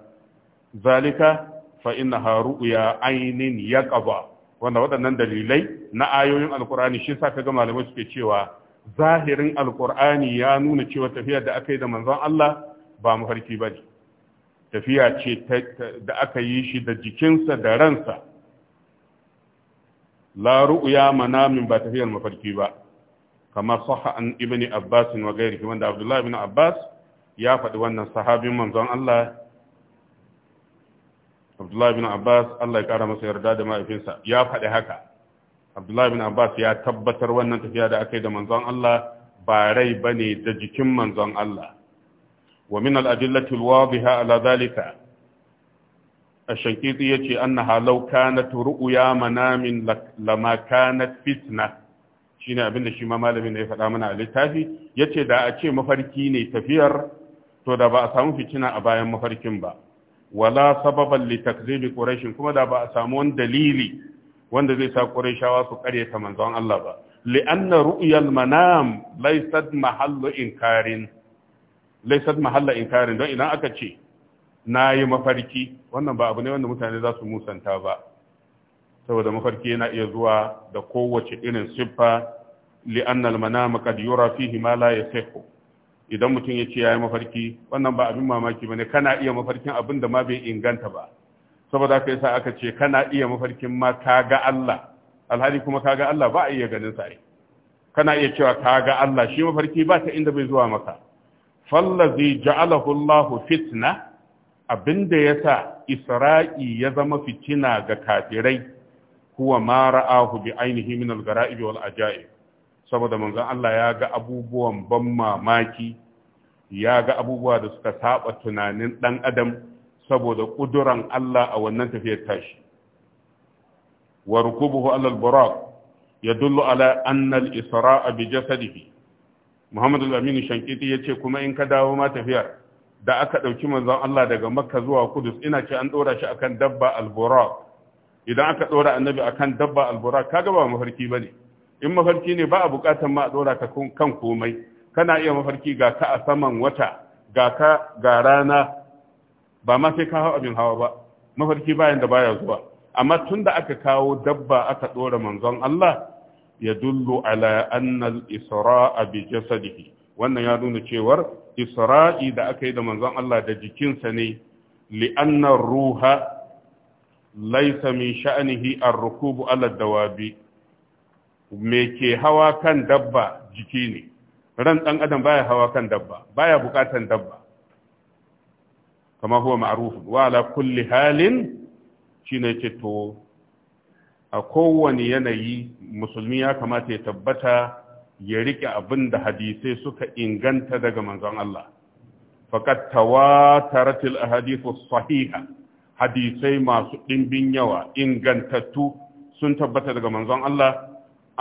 Speaker 1: zalika fa innaha ru'ya ainin yaqaba wanda waɗannan dalilai na ayoyin alkur'ani shi sa kaga malamai suke cewa zahirin alkur'ani ya nuna cewa tafiya da aka yi da manzon Allah ba mafarki ba ne tafiya ce da aka yi shi da jikinsa da ransa la ru'ya manamin ba tafiyar mafarki ba kama sahha an ibni abbas wa ghairihi wanda abdullahi ibn abbas ya faɗi wannan sahabin manzon Allah abdullahi bin abbas allah ya kara masa yarda da mahaifinsa ya faɗi haka abdullahi bin abbas ya tabbatar wannan tafiya da aka yi da manzon allah ba rai ba ne da jikin manzon allah wa min al'adillati alwadiha ala zalika ashankiti yace na law kanat ru'ya manamin lama kanat fitna shine abin da shi ma malamin ya faɗa mana a littafi yace da a ce mafarki ne tafiyar to da ba a samu fitina a bayan mafarkin ba wala sababan li takzibi quraish kuma da ba a samu wani dalili wanda zai sa quraishawa su karyata manzon Allah ba li'anna ru'yal manam laysat mahallu inkarin laysat mahalla inkarin don idan aka ce nayi mafarki wannan ba abu ne wanda mutane za su musanta ba saboda mafarki yana iya zuwa da kowace irin siffa Li'anar al-manam qad yura fihi ma la idan mutum ya ce ya yi mafarki wannan ba abin mamaki ba ne kana iya mafarkin abin da ma bai inganta ba saboda haka yasa aka ce kana iya mafarkin ma ka ga Allah alhali kuma ka ga Allah ba a iya ganin sa kana iya cewa ka ga Allah shi mafarki ba ta inda bai zuwa maka fallazi ja'alahu Allahu fitna abinda yasa Isra'i ya zama fitina ga kafirai huwa ma ra'ahu bi ainihi min al-gara'ib wal ajaib saboda manzon Allah ya ga abubuwan ban mamaki ya ga abubuwa da suka saba tunanin dan adam saboda kuduran Allah a wannan tafiyar tashi wa rukubuhu alal buraq yadullu ala anna al isra'a bi jasadihi Muhammad al-Amin Shankiti yace kuma in ka dawo ma tafiyar da aka dauki manzon Allah daga Makka zuwa Kudus ina ce an dora shi akan dabba al-buraq idan aka dora annabi akan dabba al-buraq kaga ba mafarki bane in mafarki ne ba a bukatan ma a dora ka kan komai kana iya mafarki ga ka a saman wata ga ka ga rana ba ma sai ka hau abin hawa ba mafarki bayan da baya zuwa amma tun da aka kawo dabba aka ɗora manzon Allah ya dullu ala annal isra'a bi jasadihi wannan ya nuna cewar isra'i da aka yi da manzon Allah da jikinsa ne Li'anar ruha laysa min sha'nihi ar-rukubu ala dawabi me ke hawa kan dabba jiki ne ran ɗan adam baya hawa kan dabba baya buƙatan dabba kama huwa ma'rufun wa ala kulli halin shine ce to a kowane yanayi musulmi ya kamata ya tabbata ya riƙe abin da hadisai suka inganta daga manzon Allah faqad tawatarat al ahadith sahiha hadisai masu ɗimbin yawa ingantattu sun tabbata daga manzon Allah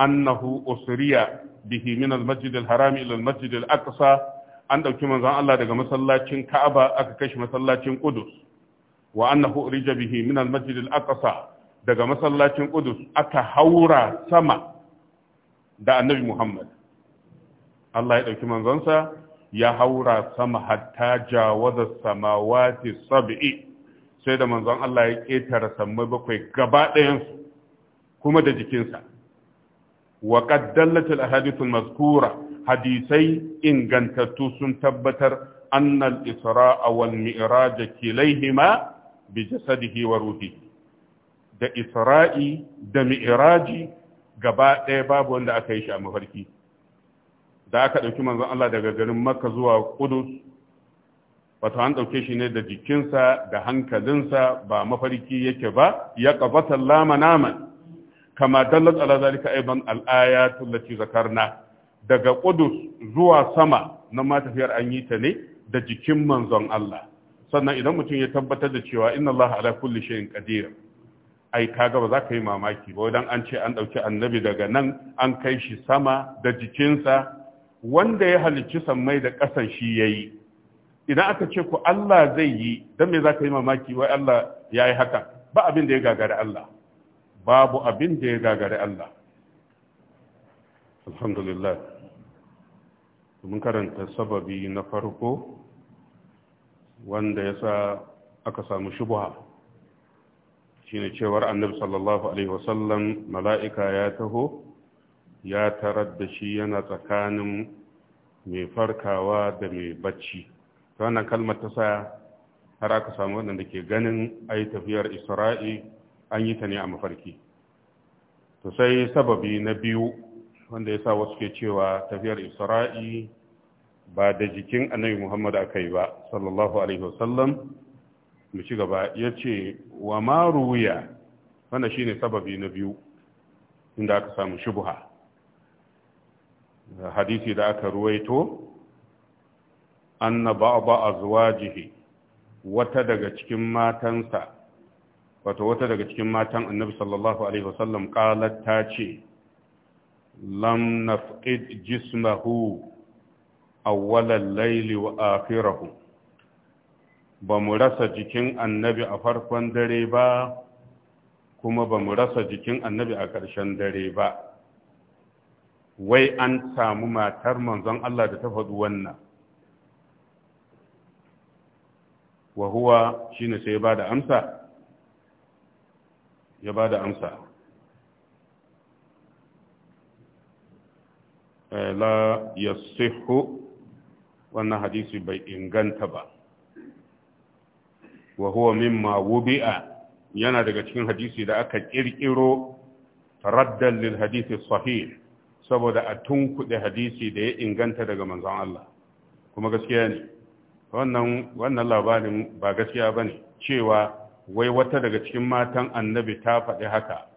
Speaker 1: annahu usriya bihi min al-masjid al-haram ila al an ɗauki manzon Allah daga masallacin Ka'aba aka kashi masallacin Qudus wa annahu urija bihi min al-masjid al daga masallacin Qudus aka haura sama da annabi Muhammad Allah ya ɗauki manzonsa ya haura sama hatta jawaza samawati sab'i sai da manzon Allah ya ketara sammai bakwai gaba ɗayansu kuma da jikinsa wa qad dallat al hadisai ingantattu sun tabbatar anna al isra'a wal mi'raj kilayhima da isra'i da mi'raji gaba ɗaya babu wanda aka yi shi a mafarki da aka ɗauki manzon Allah daga garin Makka zuwa Qudus wato an ɗauke shi ne da jikinsa da hankalinsa ba mafarki yake ba ya ƙabata lama naman kama dallat ala zalika aidan al-ayatu allati zakarna daga qudus zuwa sama na matafiyar an yi ta ne da jikin manzon Allah sannan idan mutum ya tabbatar da cewa inna Allah ala kulli shay'in qadir ai kaga ba za ka yi mamaki ba wadan an ce an dauki annabi daga nan an kai shi sama da jikinsa wanda ya halicci sammai da ƙasan shi yayi idan aka ce ku Allah zai yi dan me za ka yi mamaki wai Allah yayi haka ba abin da ya gagara Allah babu abin da ya gagari Allah alhamdulillah domin karanta sababi na farko wanda ya sa aka samu shubuha shine cewar annabi sallallahu alaihi wasallam mala'ika ya taho ya tarar da shi yana tsakanin mai farkawa da mai bacci wannan kalmar ta sa har aka samu waɗanda ke ganin ai tafiyar isra'i an yi ta ne a mafarki to sai sababi na biyu wanda ya sa wasu ke cewa tafiyar isra'i ba da jikin annabi muhammad aka yi ba sallallahu alaihi wasallam mu ci gaba ya ce wa maruya wanda shi ne sababi na biyu inda aka samu shubuha hadisi da aka ruwaito ba'a zuwa jihe wata daga cikin matansa wato wata daga cikin matan annabi sallallahu alaihi wasallam qalat ta ce lam nafqid jismahu awwalal layli wa akhirahu ba mu rasa jikin annabi a farkon dare ba kuma ba mu rasa jikin annabi a ƙarshen dare ba wai an samu matar manzon Allah da ta faɗi wannan wa huwa shine sai ba da amsa ya ba da amsa eh, la yasihu wannan hadisi bai inganta ba wa huwa mimma wubi'a yana daga cikin hadisi da aka kirkiro raddan lil hadisi sahih saboda a tun tunkuɗe hadisi da ya inganta daga manzan Allah kuma gaskiya ne wannan labarin ba gaskiya ne. cewa wai wata daga cikin matan annabi ta faɗi haka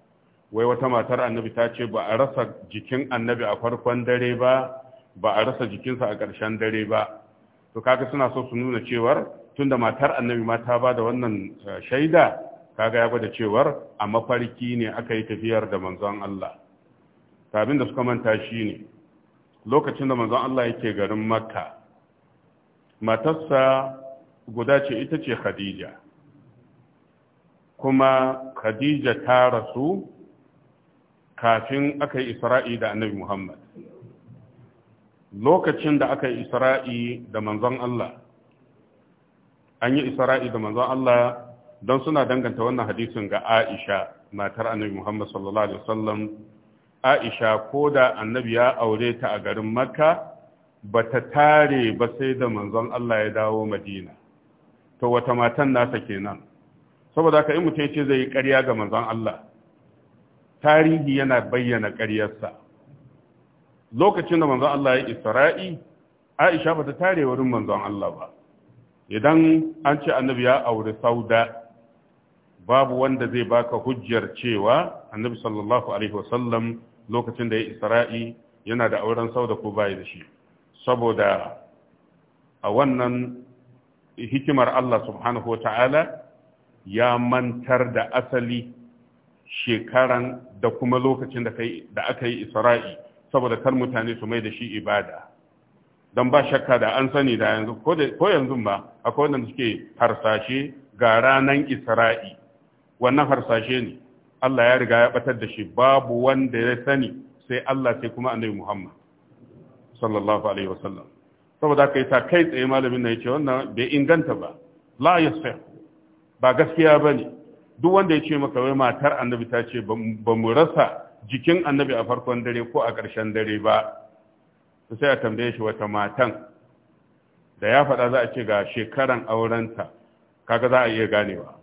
Speaker 1: wai wata matar annabi ta ce ba a rasa jikin annabi a farkon dare ba ba a rasa jikinsa a ƙarshen dare ba to kaga suna so su nuna cewar tunda matar annabi ma ta ba da wannan eh, shaida kaga ya gwada cewar a mafarki ne aka yi tafiyar da manzon Allah Sabin da suka manta shi ne lokacin da manzon Allah yake garin makka matarsa guda ce ita ce khadija kuma khadija ta rasu kafin aka yi isra'i da annabi muhammad lokacin da aka yi isra'i da manzon allah an yi isra'i da manzon allah don suna danganta wannan hadisin ga aisha matar annabi muhammad sallallahu alaihi wasallam aisha ko da annabi ya aure ta a garin makka ba ta tare ba sai da manzon allah ya dawo madina to wata matan nasa kenan saboda haka in mutum ce zai yi ƙarya ga manzon Allah tarihi yana bayyana ƙaryarsa lokacin da manzon Allah ya isra'i Aisha ba ta tare wurin manzon Allah ba idan an ce annabi ya auri sauda babu wanda zai baka hujjar cewa annabi sallallahu alaihi wasallam lokacin da ya isra'i yana da auren sauda ko bai da shi saboda a wannan hikimar Allah subhanahu wa ta'ala ya mantar da asali shekaran da kuma lokacin da aka yi isra'i saboda kar mutane su mai da shi ibada don ba shakka da an sani da yanzu ko yanzu ba akwai wanda suke harsashe ga ranar isra'i wannan harsashe ne Allah ya riga ya batar da shi babu wanda ya sani sai Allah sai kuma annabi Muhammad sallallahu alaihi wasallam saboda yi ta kai tsaye malamin na yace wannan bai inganta ba la yasih ba gaskiya ba ne duk wanda ya ce maka wai matar annabi ta ce ba mu rasa jikin annabi a farkon dare ko a ƙarshen dare ba sai a tambaye shi wata matan da ya faɗa za a ce ga shekaran aurenta kaga za a iya ganewa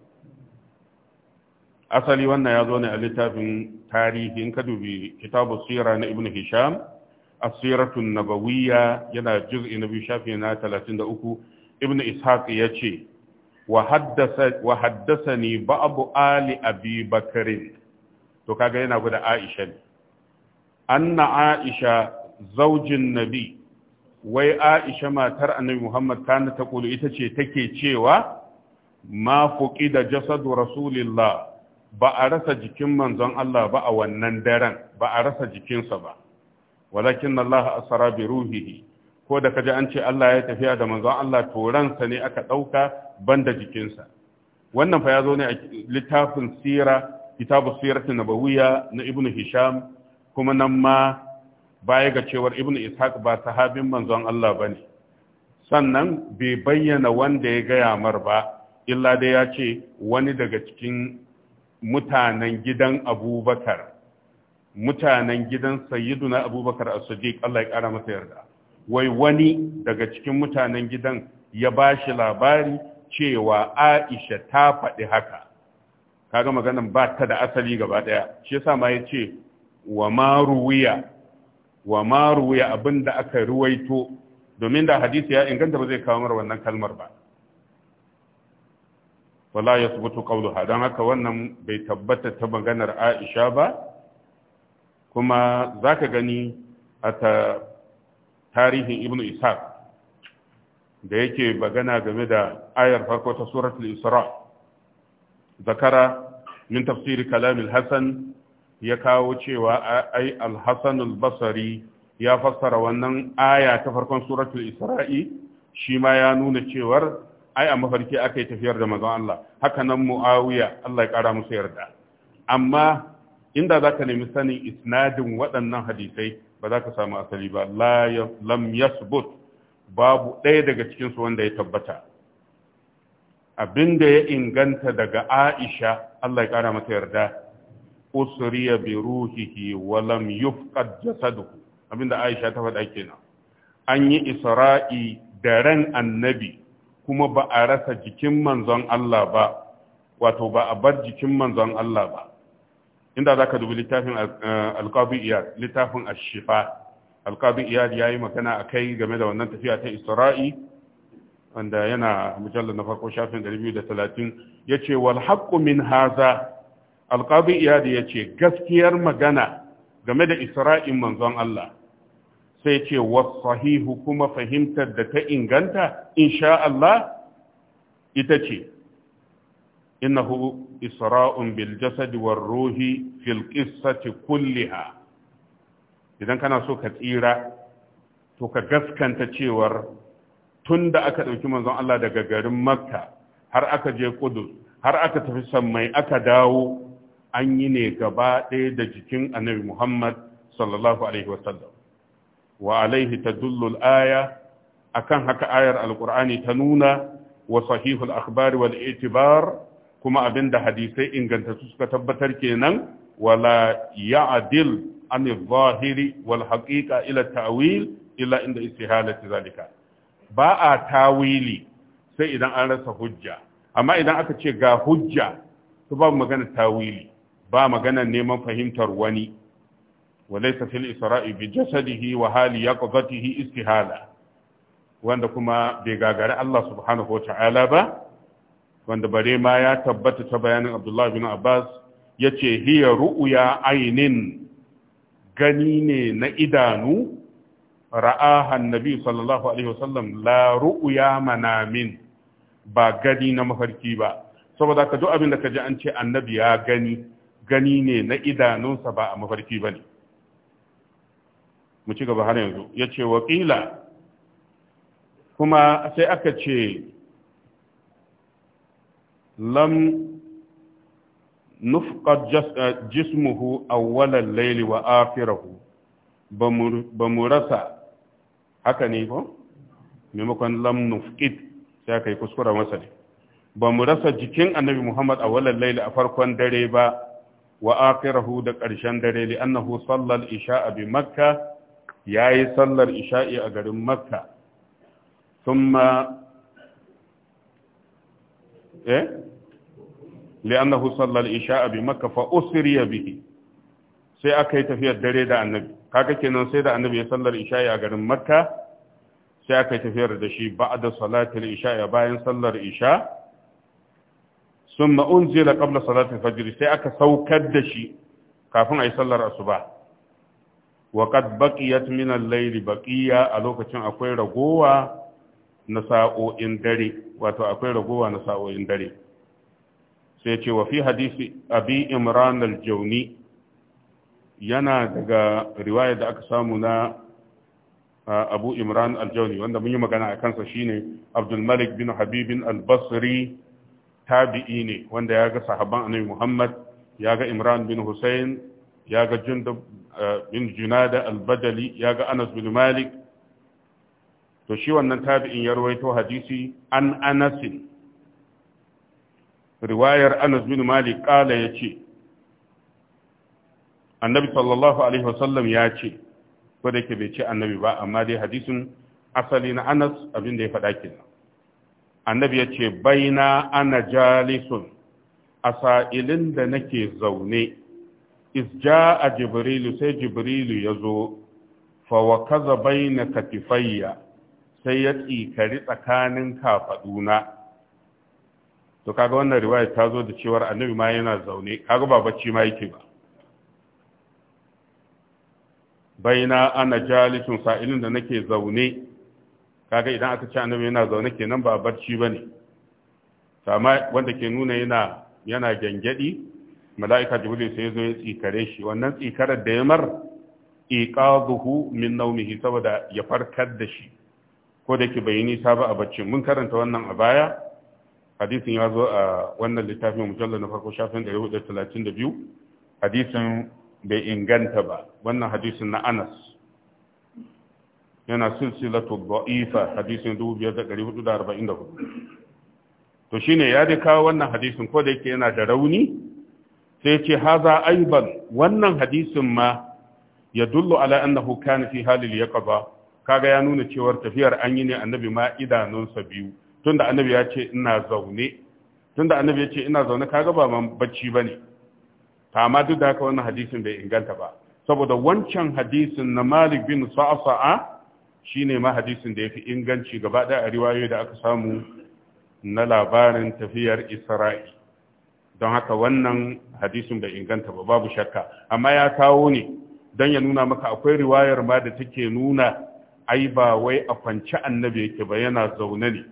Speaker 1: asali wannan ya zo ne a littafin tarihi in ka dubi kitabu sira na ibn hisham asiratun nabawiyya yana juz'i na biyu shafi na 33 ibn ishaq ya ce wa haddasa ni Abu ali abi bakarin to kaga yana guda aisha ne anna aisha zaujin nabi wai aisha matar annabi muhammad ta ta kulu ita ce take cewa ma da jasadu rasulillah ba a rasa jikin manzon Allah ba a wannan daren ba a rasa jikinsa ba walakin Allah asara bi ruhihi ko da ka ji an ce Allah ya tafiya da manzon Allah toransa ne aka ɗauka banda jikinsa wannan fa ya zo ne a littafin sira kitabu na nabawiyya na ibn hisham kuma nan ma baya ga cewar ibn ishaq ba sahabin manzon Allah bane sannan bai bayyana wanda ya gaya mar ba illa dai ya ce wani daga cikin mutanen gidan abubakar mutanen gidan sayyiduna abubakar as-siddiq Allah ya kara masa yarda wai wani daga cikin mutanen gidan ya ba shi labari cewa Aisha ta faɗi haka kaga maganan ba ta da asali gaba ɗaya shi yasa ma ya ce wa maruwiya wa maruwiya abin da aka ruwaito domin da hadisi ya inganta ba zai kawo mara wannan kalmar ba wala ya subutu qawluha don haka wannan bai tabbata ta maganar Aisha ba kuma za ka gani a ta. tarihin ibnu ishaq da yake magana game da ayar farko ta suratul isra zakara min tafsiri kalamil hasan ya kawo cewa ai al-hasan al-basri ya fassara wannan aya ta farkon suratul isra'i shi ma ya nuna cewar ai a mafarki aka yi tafiyar da mazan Allah haka nan mu'awiya Allah ya kara musu yarda amma inda za ka nemi sanin isnadin waɗannan hadisai ba za ka samu asali ba lam yasbut babu ɗaya daga cikinsu wanda ya tabbata abinda ya inganta daga aisha Allah ya kara mata yarda usriya bi ruhihi wa lam yufqad jasaduhu abinda aisha ta faɗa kenan an yi isra'i da ran annabi kuma ba a rasa jikin manzon Allah ba wato ba a bar jikin manzon Allah ba inda ka dubi littafin eh, alqabi iyad littafin ash-shifa alqabi iyad yayi magana kai game da wannan tafiya ta isra'i wanda yana mujallar na farko shafin 230 ce wal haƙƙu min haza alqabi ya yace gaskiyar magana game da isra'in manzon Allah sai ce wasahihu kuma fahimtar da ta inganta insha Allah ita ce innahu isra'un bil jasad war ruhi fil qissati kulliha idan kana so ka tsira to ka gaskanta cewar tun da aka ɗauki manzon Allah daga garin Makka har aka je Kudus har aka tafi mai aka dawo an yi ne gaba ɗaya da jikin annabi Muhammad sallallahu alaihi wasallam wa alaihi tadullu al-aya akan haka ayar alqur'ani ta nuna wa sahihul akhbar wal i'tibar kuma abin da hadisai ingantattu suka tabbatar kenan wala ya'dil an zahiri wal haƙiƙa ila ta'wil ila inda istihalati zalika ba a tawili sai idan an rasa hujja amma idan aka ce ga hujja to ba magana tawili ba magana neman fahimtar wani walaysa fil isra'i bi jasadihi wa hali yaqdatihi istihala wanda kuma bai gagari Allah subhanahu wa ta'ala ba wanda bare ma ya tabbata ta bayanin Abdullahi bin Abbas ya ce, hiya ru'uya ainin gani ne na idanu ra'aha annabi sallallahu alaihi wasallam la ru'ya manamin ba gani na mafarki ba saboda ka duk abin da ka ji an ce annabi ya gani gani ne na idanunsa ba a mafarki ba ne mu ci gaba har yanzu ya ce waƙila kuma sai aka ce lam nufqat jismuhu awwalal layli wa akhirahu ba mu rasa jikin annabi Muhammad a walal layli a farkon dare ba wa da ƙarshen dare li sallar sallal isha'a bi makka yayi sallar isha'i a garin makka thumma eh li'annahu sallar isha bi makka fa usriya bihi sai aka yi tafiyar dare da annabi kaga kenan sai da annabi ya sallar isha'i a garin makka sai aka yi tafiyar da shi ba'da salatil isha'i bayan sallar isha summa unzila kabla salatin fajr sai aka saukar da shi kafin a yi sallar asuba wa qad baqiyat min al-layl baqiya a lokacin akwai ragowa na sa'o'in dare wato akwai ragowa na sa'o'in dare sai ce wa fi hadisi abi imran al-jawni yana daga riwaya da aka samu na abu imran al-jawni wanda mun yi magana a kansa shine abdul malik bin Habib al-basri tabi'i ne wanda ya ga sahabban annabi muhammad ya ga imran bin husayn ya ga jundub bin junada al-badali ya ga anas bin malik to shi wannan tabi'in ya rawaito hadisi an anasin riwayar anas bin malik kala ya ce annabi sallallahu alaihi wasallam ya ce ko da ke bai ce annabi ba amma dai hadisin asali na anas abin da ya faɗa nan. annabi ya ce baina ana jalisun a sa'ilin da nake zaune isja a jibrilu sai jibrilu ya zo fawa kaza baina katifayya sai ya tsikari tsakanin kafaɗuna to kaga wannan riwaya ta zo da cewar annabi ma yana zaune kaga ba bacci ma yake ba baina ana jalisun sa'ilin da nake zaune kaga idan aka ce annabi yana zaune kenan ba barci bane amma wanda ke nuna yana yana gyangyaɗi mala'ika jibril sai zo ya tsikare shi wannan tsikarar da ya mar iqazuhu min nawmihi saboda ya farkar da shi ko da ke bai nisa ba a baccin mun karanta wannan a baya hadisin ya zo a wannan littafin mujalla na farko shafin da talatin da biyu hadisin bai inganta ba wannan hadisin na anas yana silsilatu da'ifa hadisin dubu biyar da ɗari hudu da arba'in da hudu to shine ya dai kawo wannan hadisin ko da yake yana da rauni sai ce haza aiban wannan hadisin ma ya dullu ala annahu kana fi halil yaqaba kaga ya nuna cewar tafiyar an yi ne annabi ma idanunsa biyu tunda annabi ya ce ina zaune tunda annabi ya ce ina zaune kaga ba man bacci bane ta amma duk da haka wannan hadisin bai inganta ba saboda wancan hadisin na Malik bin Sa'sa'a shine ma hadisin da ya fi inganci gaba ɗaya a riwayoyi da aka samu na labarin tafiyar Isra'i don haka wannan hadisin bai inganta ba babu shakka amma ya kawo ne don ya nuna maka akwai riwayar ma da take nuna ai ba wai a kwance annabi yake ba yana zaune ne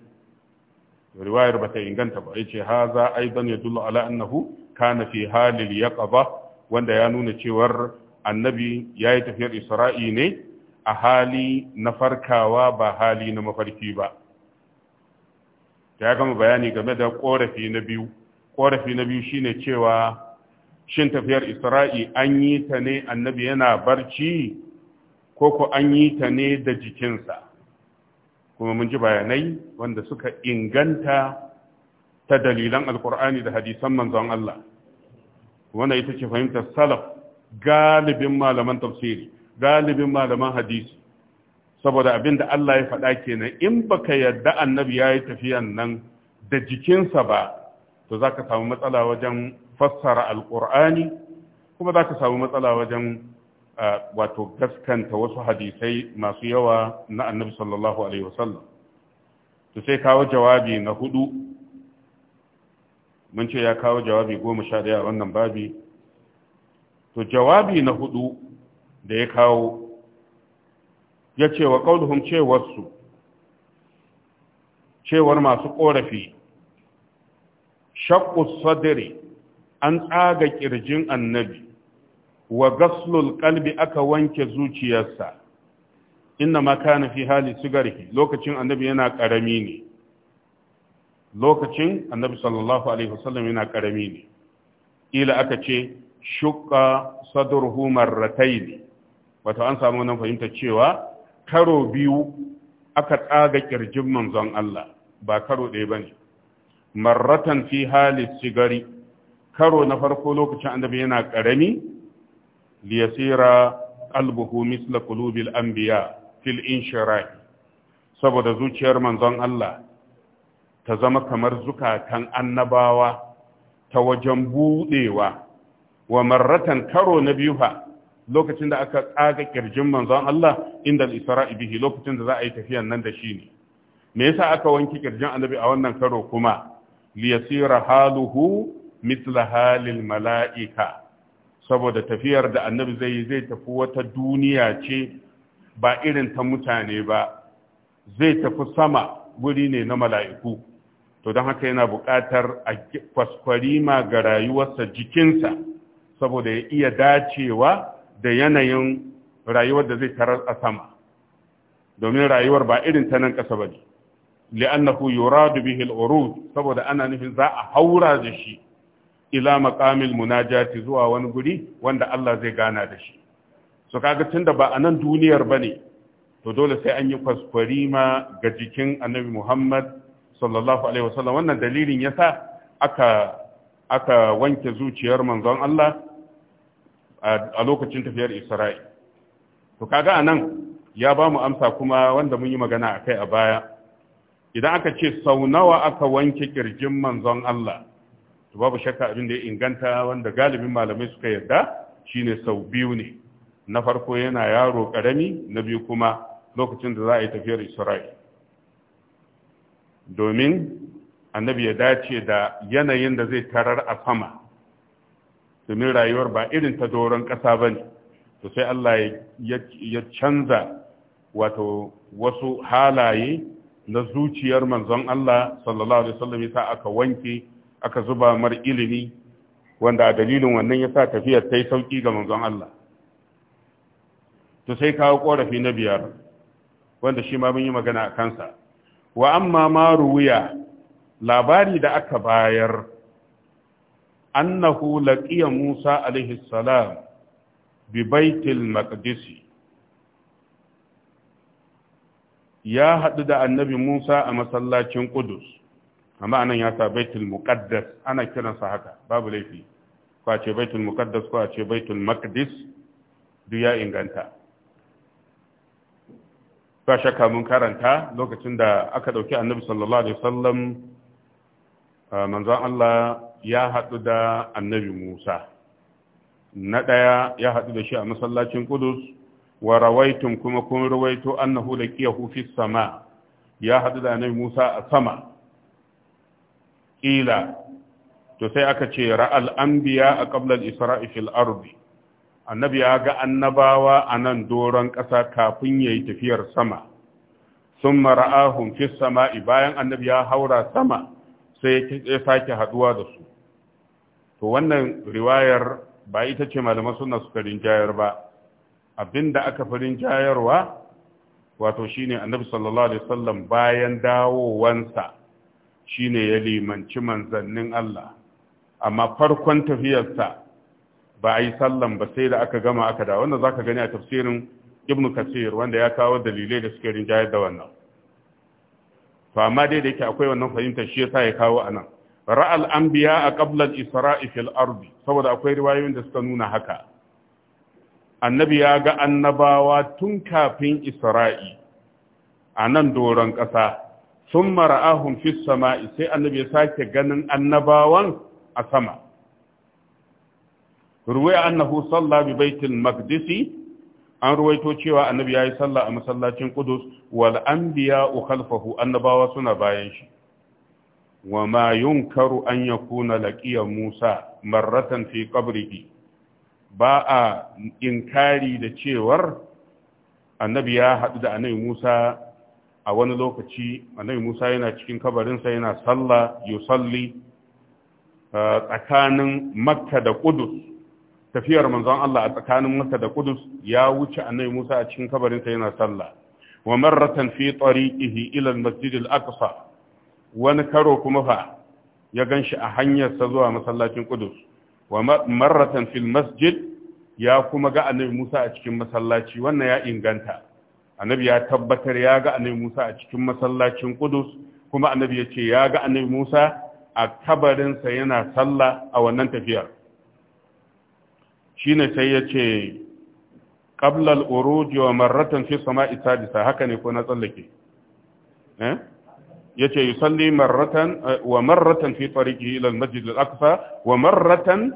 Speaker 1: riwayar bata inganta ba yace haza aidan yadullu ala annahu kana fi halil yaqaba wanda ya nuna cewar annabi ya yi tafiyar isra'i ne a hali na farkawa ba hali na mafarki ba ya gama bayani game da ƙorafi na biyu korafi na biyu shine cewa shin tafiyar isra'i an yi ta ne annabi yana barci ko ko an yi ta ne da jikinsa kuma mun ji bayanai wanda suka inganta ta dalilan alkur'ani da hadisan manzon Allah wanda ita ce fahimtar salaf galibin malaman tafsiri galibin malaman hadisi saboda abin da Allah ya faɗa kenan in baka yarda annabi ya yi tafiyan nan da jikinsa ba to za ka samu matsala wajen fassara alkur'ani kuma za ka samu matsala wajen wato gaskanta wasu hadisai masu yawa na annabi sallallahu alaihi wasallam to sai kawo jawabi na hudu mun ce ya kawo jawabi goma sha daya a wannan babi to jawabi na hudu da ya kawo ya ce wa ƙaunuhun cewarsu cewar masu ƙorafi shakku sadiri an tsaga ƙirjin annabi wa gaslul qalbi aka wanke zuciyarsa inna ma kana fi hali sigarhi lokacin annabi yana karami ne lokacin annabi sallallahu alaihi wasallam yana karami ne ila aka ce shukka sadruhu marratayn wato an samu nan fahimta cewa karo biyu aka tsaga kirjin manzon Allah ba karo ɗaya bane marratan fi hali sigari karo na farko lokacin annabi yana karami liyasira qalbuhu misla qulubil anbiya fil inshirahi saboda zuciyar manzon Allah ta zama kamar zukatan annabawa ta wajen buɗewa. wa marratan karo na biyu ha lokacin da aka tsaga kirjin manzon Allah inda al-isra'i bihi lokacin da za a yi tafiyan nan da shi ne me yasa aka wanki kirjin annabi a wannan karo kuma liyasira haluhu mithla halil mala'ika saboda tafiyar da annabi zai yi zai tafi wata duniya ce ba irin ta mutane ba zai tafi sama guri ne na mala'iku to don haka yana buƙatar a kwaskwarima ga rayuwarsa jikinsa saboda ya iya dacewa da yanayin rayuwar da zai tarar a sama domin rayuwar ba irin ta nan ƙasa ba ne li'annahu yuradu bihi al saboda ana nufin za a haura da shi ila maqamil munajati zuwa wani guri wanda Allah zai gana da shi so kaga tunda ba a nan duniyar bane to dole sai an yi kwaskwari ma ga jikin Annabi Muhammad sallallahu alaihi wasallam wannan dalilin yasa aka aka wanke zuciyar manzon Allah a lokacin tafiyar Isra'i to kaga anan ya ba mu amsa kuma wanda mun yi magana akai a baya idan aka ce sau nawa aka wanke kirjin manzon Allah to babu shakka abin da ya inganta wanda galibin malamai suka yarda shine sau biyu ne na farko yana yaro karami na biyu kuma lokacin da za a yi tafiyar isra'i domin annabi ya dace da yanayin da zai tarar a sama domin rayuwar ba irin ta doron ƙasa ba ne to sai allah ya canza wato wasu halaye na zuciyar manzon allah sallallahu alaihi wasallam ya sa aka wanke aka zuba mar ilimi wanda a dalilin wannan ya sa tafiyar ta yi sauƙi ga manzon Allah to sai kawo ƙorafi na biyar wanda shi ma mun yi magana a kansa wa amma ma wuya labari da aka bayar annahu laqiya Musa alaihi salam bi baitil ya haɗu da annabi Musa a masallacin Qudus amma anan ya sa baitul muqaddas ana kiransa haka babu laifi ko a ce baitul muqaddas ko a ce baitul maqdis duk ya inganta ba shakka mun karanta lokacin da aka dauki annabi sallallahu alaihi wasallam manzon Allah ya haɗu da annabi Musa na ɗaya ya haɗu da shi a masallacin Qudus wa kuma kun rawaito annahu laqiyahu fi sama ya haɗu da annabi Musa a sama ƙila to sai aka ce ra'al anbiya a ƙablar isra'i fil ardi annabi ya ga annabawa a nan doron ƙasa kafin ya yi tafiyar sama sun mara'ahun fi sama'i bayan annabi ya haura sama sai ya sake haɗuwa da su to wannan riwayar ba ita ce malaman suna suka rinjayar ba abinda aka fi rinjayarwa wato shine annabi sallallahu alaihi wasallam bayan dawowansa Shi ne ya limanci manzannin Allah amma farkon tafiyarsa ba a yi sallan ba sai da aka gama aka da wanda ka gani a tafsirin ibn kasir wanda ya kawo dalilai da suke rinjayar da wannan to amma dai da yake akwai wannan fahimta shi yasa ya kawo anan ra'al anbiya a qabla israi fil saboda akwai riwayoyin da suka nuna haka annabi ya ga annabawa tun kafin isra'i a nan doron ƙasa sun mara'ahun fi sama'i sai annabi ya sake ganin annabawan a sama ruwaya annahu sallah bi baitin maqdisi an ruwaito cewa annabi yi sallah a masallacin Kudus. wal anbiya'u khalfahu annabawa suna bayan shi wa ma yunkaru an kuna laqiya musa marratan fi qabrihi ba a inkari da cewar annabi ya haɗu da annabi musa a wani lokaci annabi Musa yana cikin kabarinsa yana sallah yusalli uh, tsakanin Makka da Qudus tafiyar manzon Allah a tsakanin Makka da Qudus ya wuce annabi Musa a cikin kabarinsa yana sallah wa marratan fi tariqihi ila al-masjid al-aqsa wani karo kuma fa ya ganshi a hanyar sa zuwa masallacin Qudus wa marratan fil masjid ya kuma ga annabi Musa a cikin masallaci wannan ya inganta annabi ya tabbatar ya ga annabi Musa a cikin masallacin Qudus kuma annabi ya ce ya ga annabi Musa a kabarinsa yana sallah a wannan tafiyar shine sai ya ce qabla al-uruj wa marratan fi sama'i sadisa haka ne ko na tsallake eh yace yusalli marratan eh, wa marratan fi tariqihi ila al-masjid al-aqsa wa marratan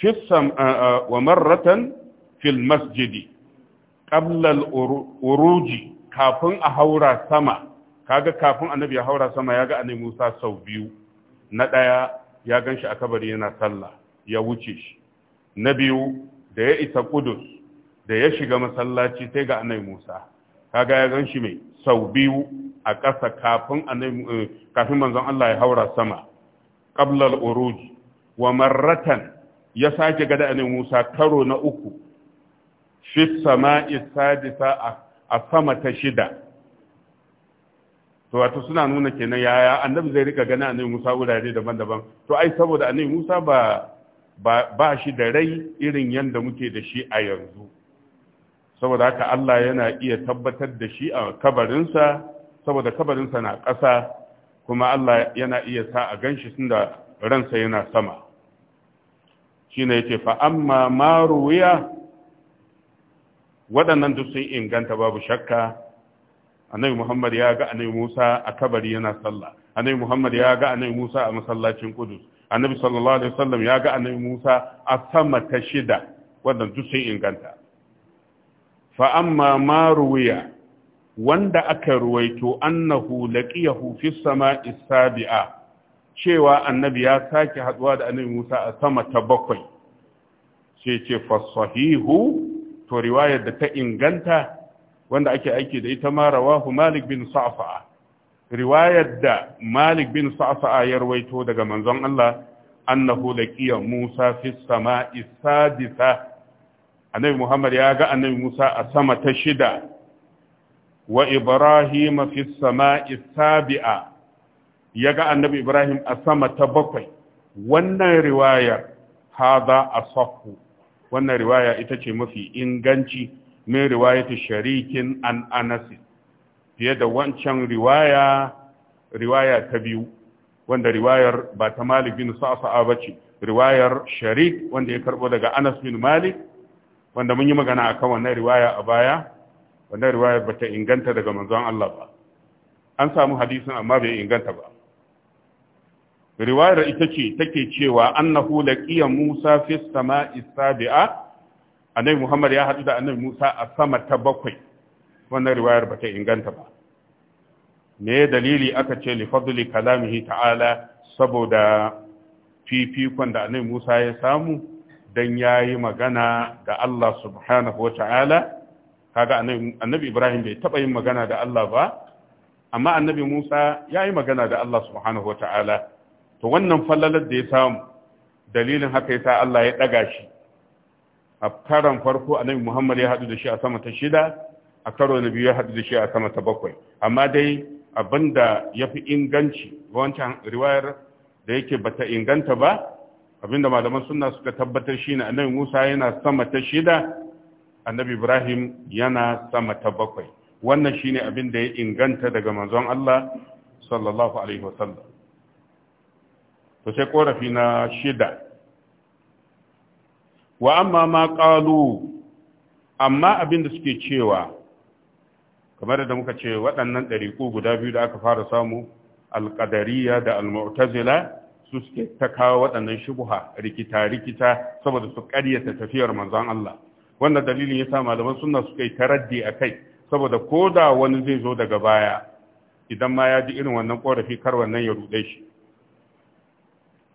Speaker 1: fi eh, eh, wa marratan fi al-masjidi qablal uruji kafin a haura sama kaga kafin annabi ya haura sama ya ga annabi Musa sau biyu na daya ya ganshi a kabari yana sallah ya wuce shi na biyu da ya isa Kudus da ya shiga masallaci sai ga annabi Musa kaga ya ganshi mai sau biyu a ƙasa kafin annabi eh, kafin manzon Allah ya haura sama qablal uruji wa marratan ya sake ga da annabi Musa karo na uku fi sama'i sadisa a sama ta shida to wato suna nuna kenan yaya annabi zai rika gani annabi Musa wurare daban-daban to ai saboda annabi Musa ba ba shi da rai irin yanda muke da shi a yanzu saboda haka Allah yana iya tabbatar da shi a kabarinsa saboda kabarinsa na ƙasa kuma Allah yana iya sa a ganshi tunda ransa yana sama shine yace fa amma maruwiya waɗannan duk sun inganta babu shakka annabi muhammad ya ga annabi musa a kabari yana sallah annabi muhammad ya ga annabi musa a masallacin kudus annabi sallallahu alaihi wasallam ya ga annabi musa a sama ta shida wannan duk sun inganta fa amma ma ruwiya wanda aka ruwaito annahu laqiyahu fi sama'i sabi'a cewa annabi ya sake haduwa da annabi musa a sama ta bakwai sai ce fa sahihu to riwayar da ta inganta wanda ake aiki da ita ma rawahu Malik bin Sa'fa'a riwayar da Malik bin Sa'fa'a ya rawaito daga manzon Allah annahu laqiya Musa fi sama'i sadisa annabi Muhammad ya ga annabi Musa a sama ta shida wa Ibrahim fi sama'i sabi'a ya ga annabi Ibrahim a sama ta bakwai wannan riwayar a asahu wannan riwaya ita ce mafi inganci min riwayatu sharikin an anas fiye da wancan riwaya riwaya ta biyu wanda riwayar ba ta malik bin sa'sa'a bace riwayar sharik wanda ya karbo daga anas bin malik wanda mun yi magana akan wannan riwaya a baya wannan riwayar ba ta inganta daga manzon Allah ba an samu hadisin amma bai inganta ba riwayar ita ce take cewa annahu laqiya Musa fi samai sabi'a annabi Muhammad ya haɗu da annabi Musa a sama ta bakwai wannan riwayar bata inganta ba me dalili aka ce li fadli kalamihi ta'ala saboda fifikon da annabi Musa ya samu dan yayi magana da Allah subhanahu wata'ala kaga annabi Ibrahim bai taba yin magana da Allah ba amma annabi Musa yayi magana da Allah subhanahu wata'ala to wannan fallalar da ya samu dalilin haka yasa Allah ya daga shi a karon farko annabi Muhammad ya hadu da shi a sama ta shida a karo na biyu ya hadu da shi a sama ta bakwai amma dai abinda ya fi inganci wancan riwayar da yake bata inganta ba abinda malaman sunna suka tabbatar shine annabi Musa yana sama ta shida annabi Ibrahim yana sama ta bakwai wannan shine abin da ya inganta daga manzon Allah sallallahu alaihi wasallam to sai korafi na shida wa amma ma ƙalu amma abin da suke cewa kamar da muka ce waɗannan ɗariƙu guda biyu da aka fara samu alƙadariya da almu'tazila su suke ta kawo waɗannan shubuha rikita-rikita saboda su ƙaryata tafiyar manzon Allah wannan dalilin ya sa malaman suna suka yi taraddi a kai saboda ko da wani zai zo daga baya idan ma ya ji irin wannan ƙorafi kar wannan ya ruɗe shi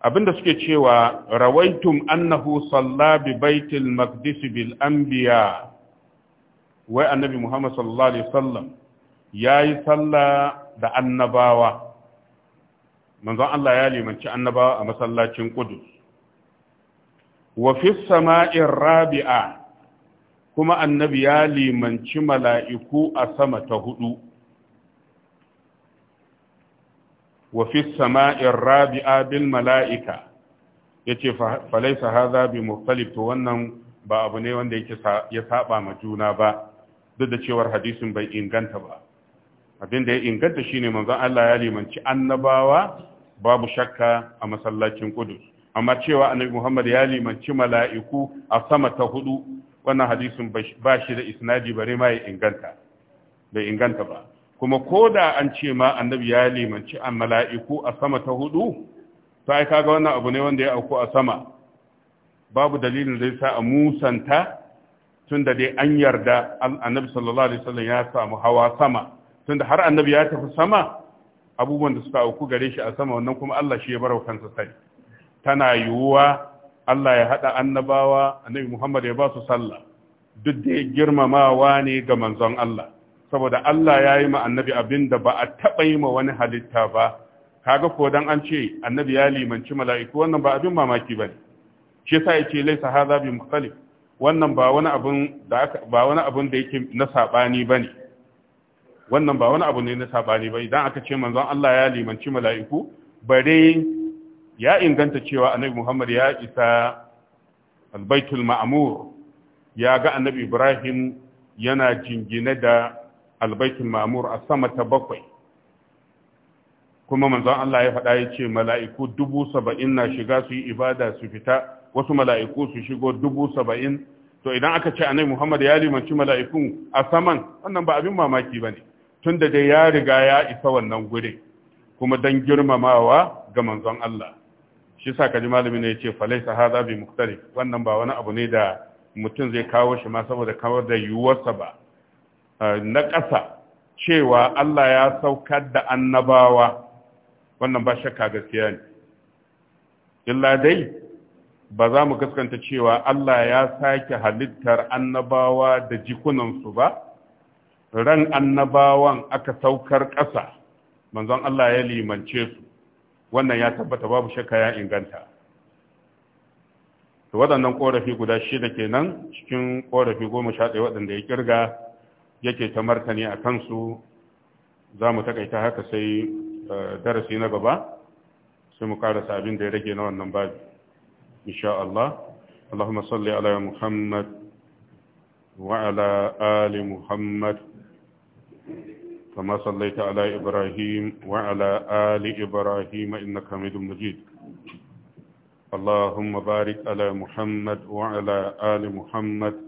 Speaker 1: abinda suke cewa rawaitum annahu salla bi baitil maqdis bil anbiya wai annabi muhammad sallallahu alaihi wasallam yayi salla da annabawa manzon Allah ya limanci annabawa a masallacin Qudus wa fi sama'i rabi'a kuma annabi ya limanci mala'iku a sama ta hudu wa fi sama'in rabi'a bil mala'ika yace fa laysa hadha bi mukhtalif to wannan ba abu ne wanda yake ya saba ma juna ba duk da cewar hadisin bai inganta ba abin da ya inganta shine manzan Allah ya limanci annabawa babu shakka a masallacin Qudus amma cewa annabi Muhammad ya limanci mala'iku a sama ta hudu wannan hadisin ba shi da isnadi bare ma ya inganta bai inganta ba kuma ko da an ce ma annabi ya limanci an mala'iku a sama ta hudu sai kaga wannan abu ne wanda ya auku a sama babu dalilin da yasa a musanta tunda dai an yarda annabi sallallahu alaihi wasallam ya samu hawa sama tunda har annabi ya tafi sama abubuwan da suka auku gare shi a sama wannan kuma Allah shi ya barau kansa sai tana yiwuwa Allah ya hada annabawa annabi Muhammad ya ba su sallah duk da girmamawa ne ga manzon Allah saboda Allah ya yi ma annabi abin da ba a taɓa yi ma wani halitta ba kaga ko don an ce annabi ya limanci mala'iku wannan ba abin mamaki ba ne shi yasa ya ce laisa hadha bi mukhtalif wannan ba wani abin da ba yake na saɓani ba ne wannan ba wani abu ne na saɓani ba idan aka ce manzon Allah ya limanci mala'iku bare ya inganta cewa annabi Muhammad ya isa albaitul ma'mur ya ga annabi Ibrahim yana jingine da albaikin mamur a sama ta bakwai kuma manzon Allah ya faɗa ya ce mala'iku dubu saba'in na shiga su yi ibada su fita wasu mala'iku su shigo dubu saba'in to idan aka ce anai muhammad ya limanci mala'ikun a saman wannan ba abin mamaki ba ne tun da dai ya riga ya isa wannan gure kuma don girmamawa ga manzon Allah shi sa kaji malami ne ya ce falaisa hadha bi muktari wannan ba wani abu ne da mutum zai kawo shi ma saboda kawar da yiwuwarsa ba na ƙasa cewa Allah ya saukar da annabawa wannan ba shakka gaskiya ne illa dai ba za mu gaskanta cewa Allah ya sake halittar annabawa da jikunansu ba ran annabawan aka saukar ƙasa manzon Allah ya limance su wannan ya tabbata babu shakka ya inganta waɗannan ƙorafi guda shida kenan cikin ƙorafi goma sha ɗaya waɗanda ya ƙirga yake ta martani a kansu za mu takaita haka sai eh, darasi na gaba sai mu karasa abin da ya rage na wannan ba insha Allah Allahumma salli ala Muhammad wa ala ali Muhammad kama sallaita ala Ibrahim wa ala ali Ibrahim innaka Hamidum Majid اللهم بارك على محمد وعلى آل محمد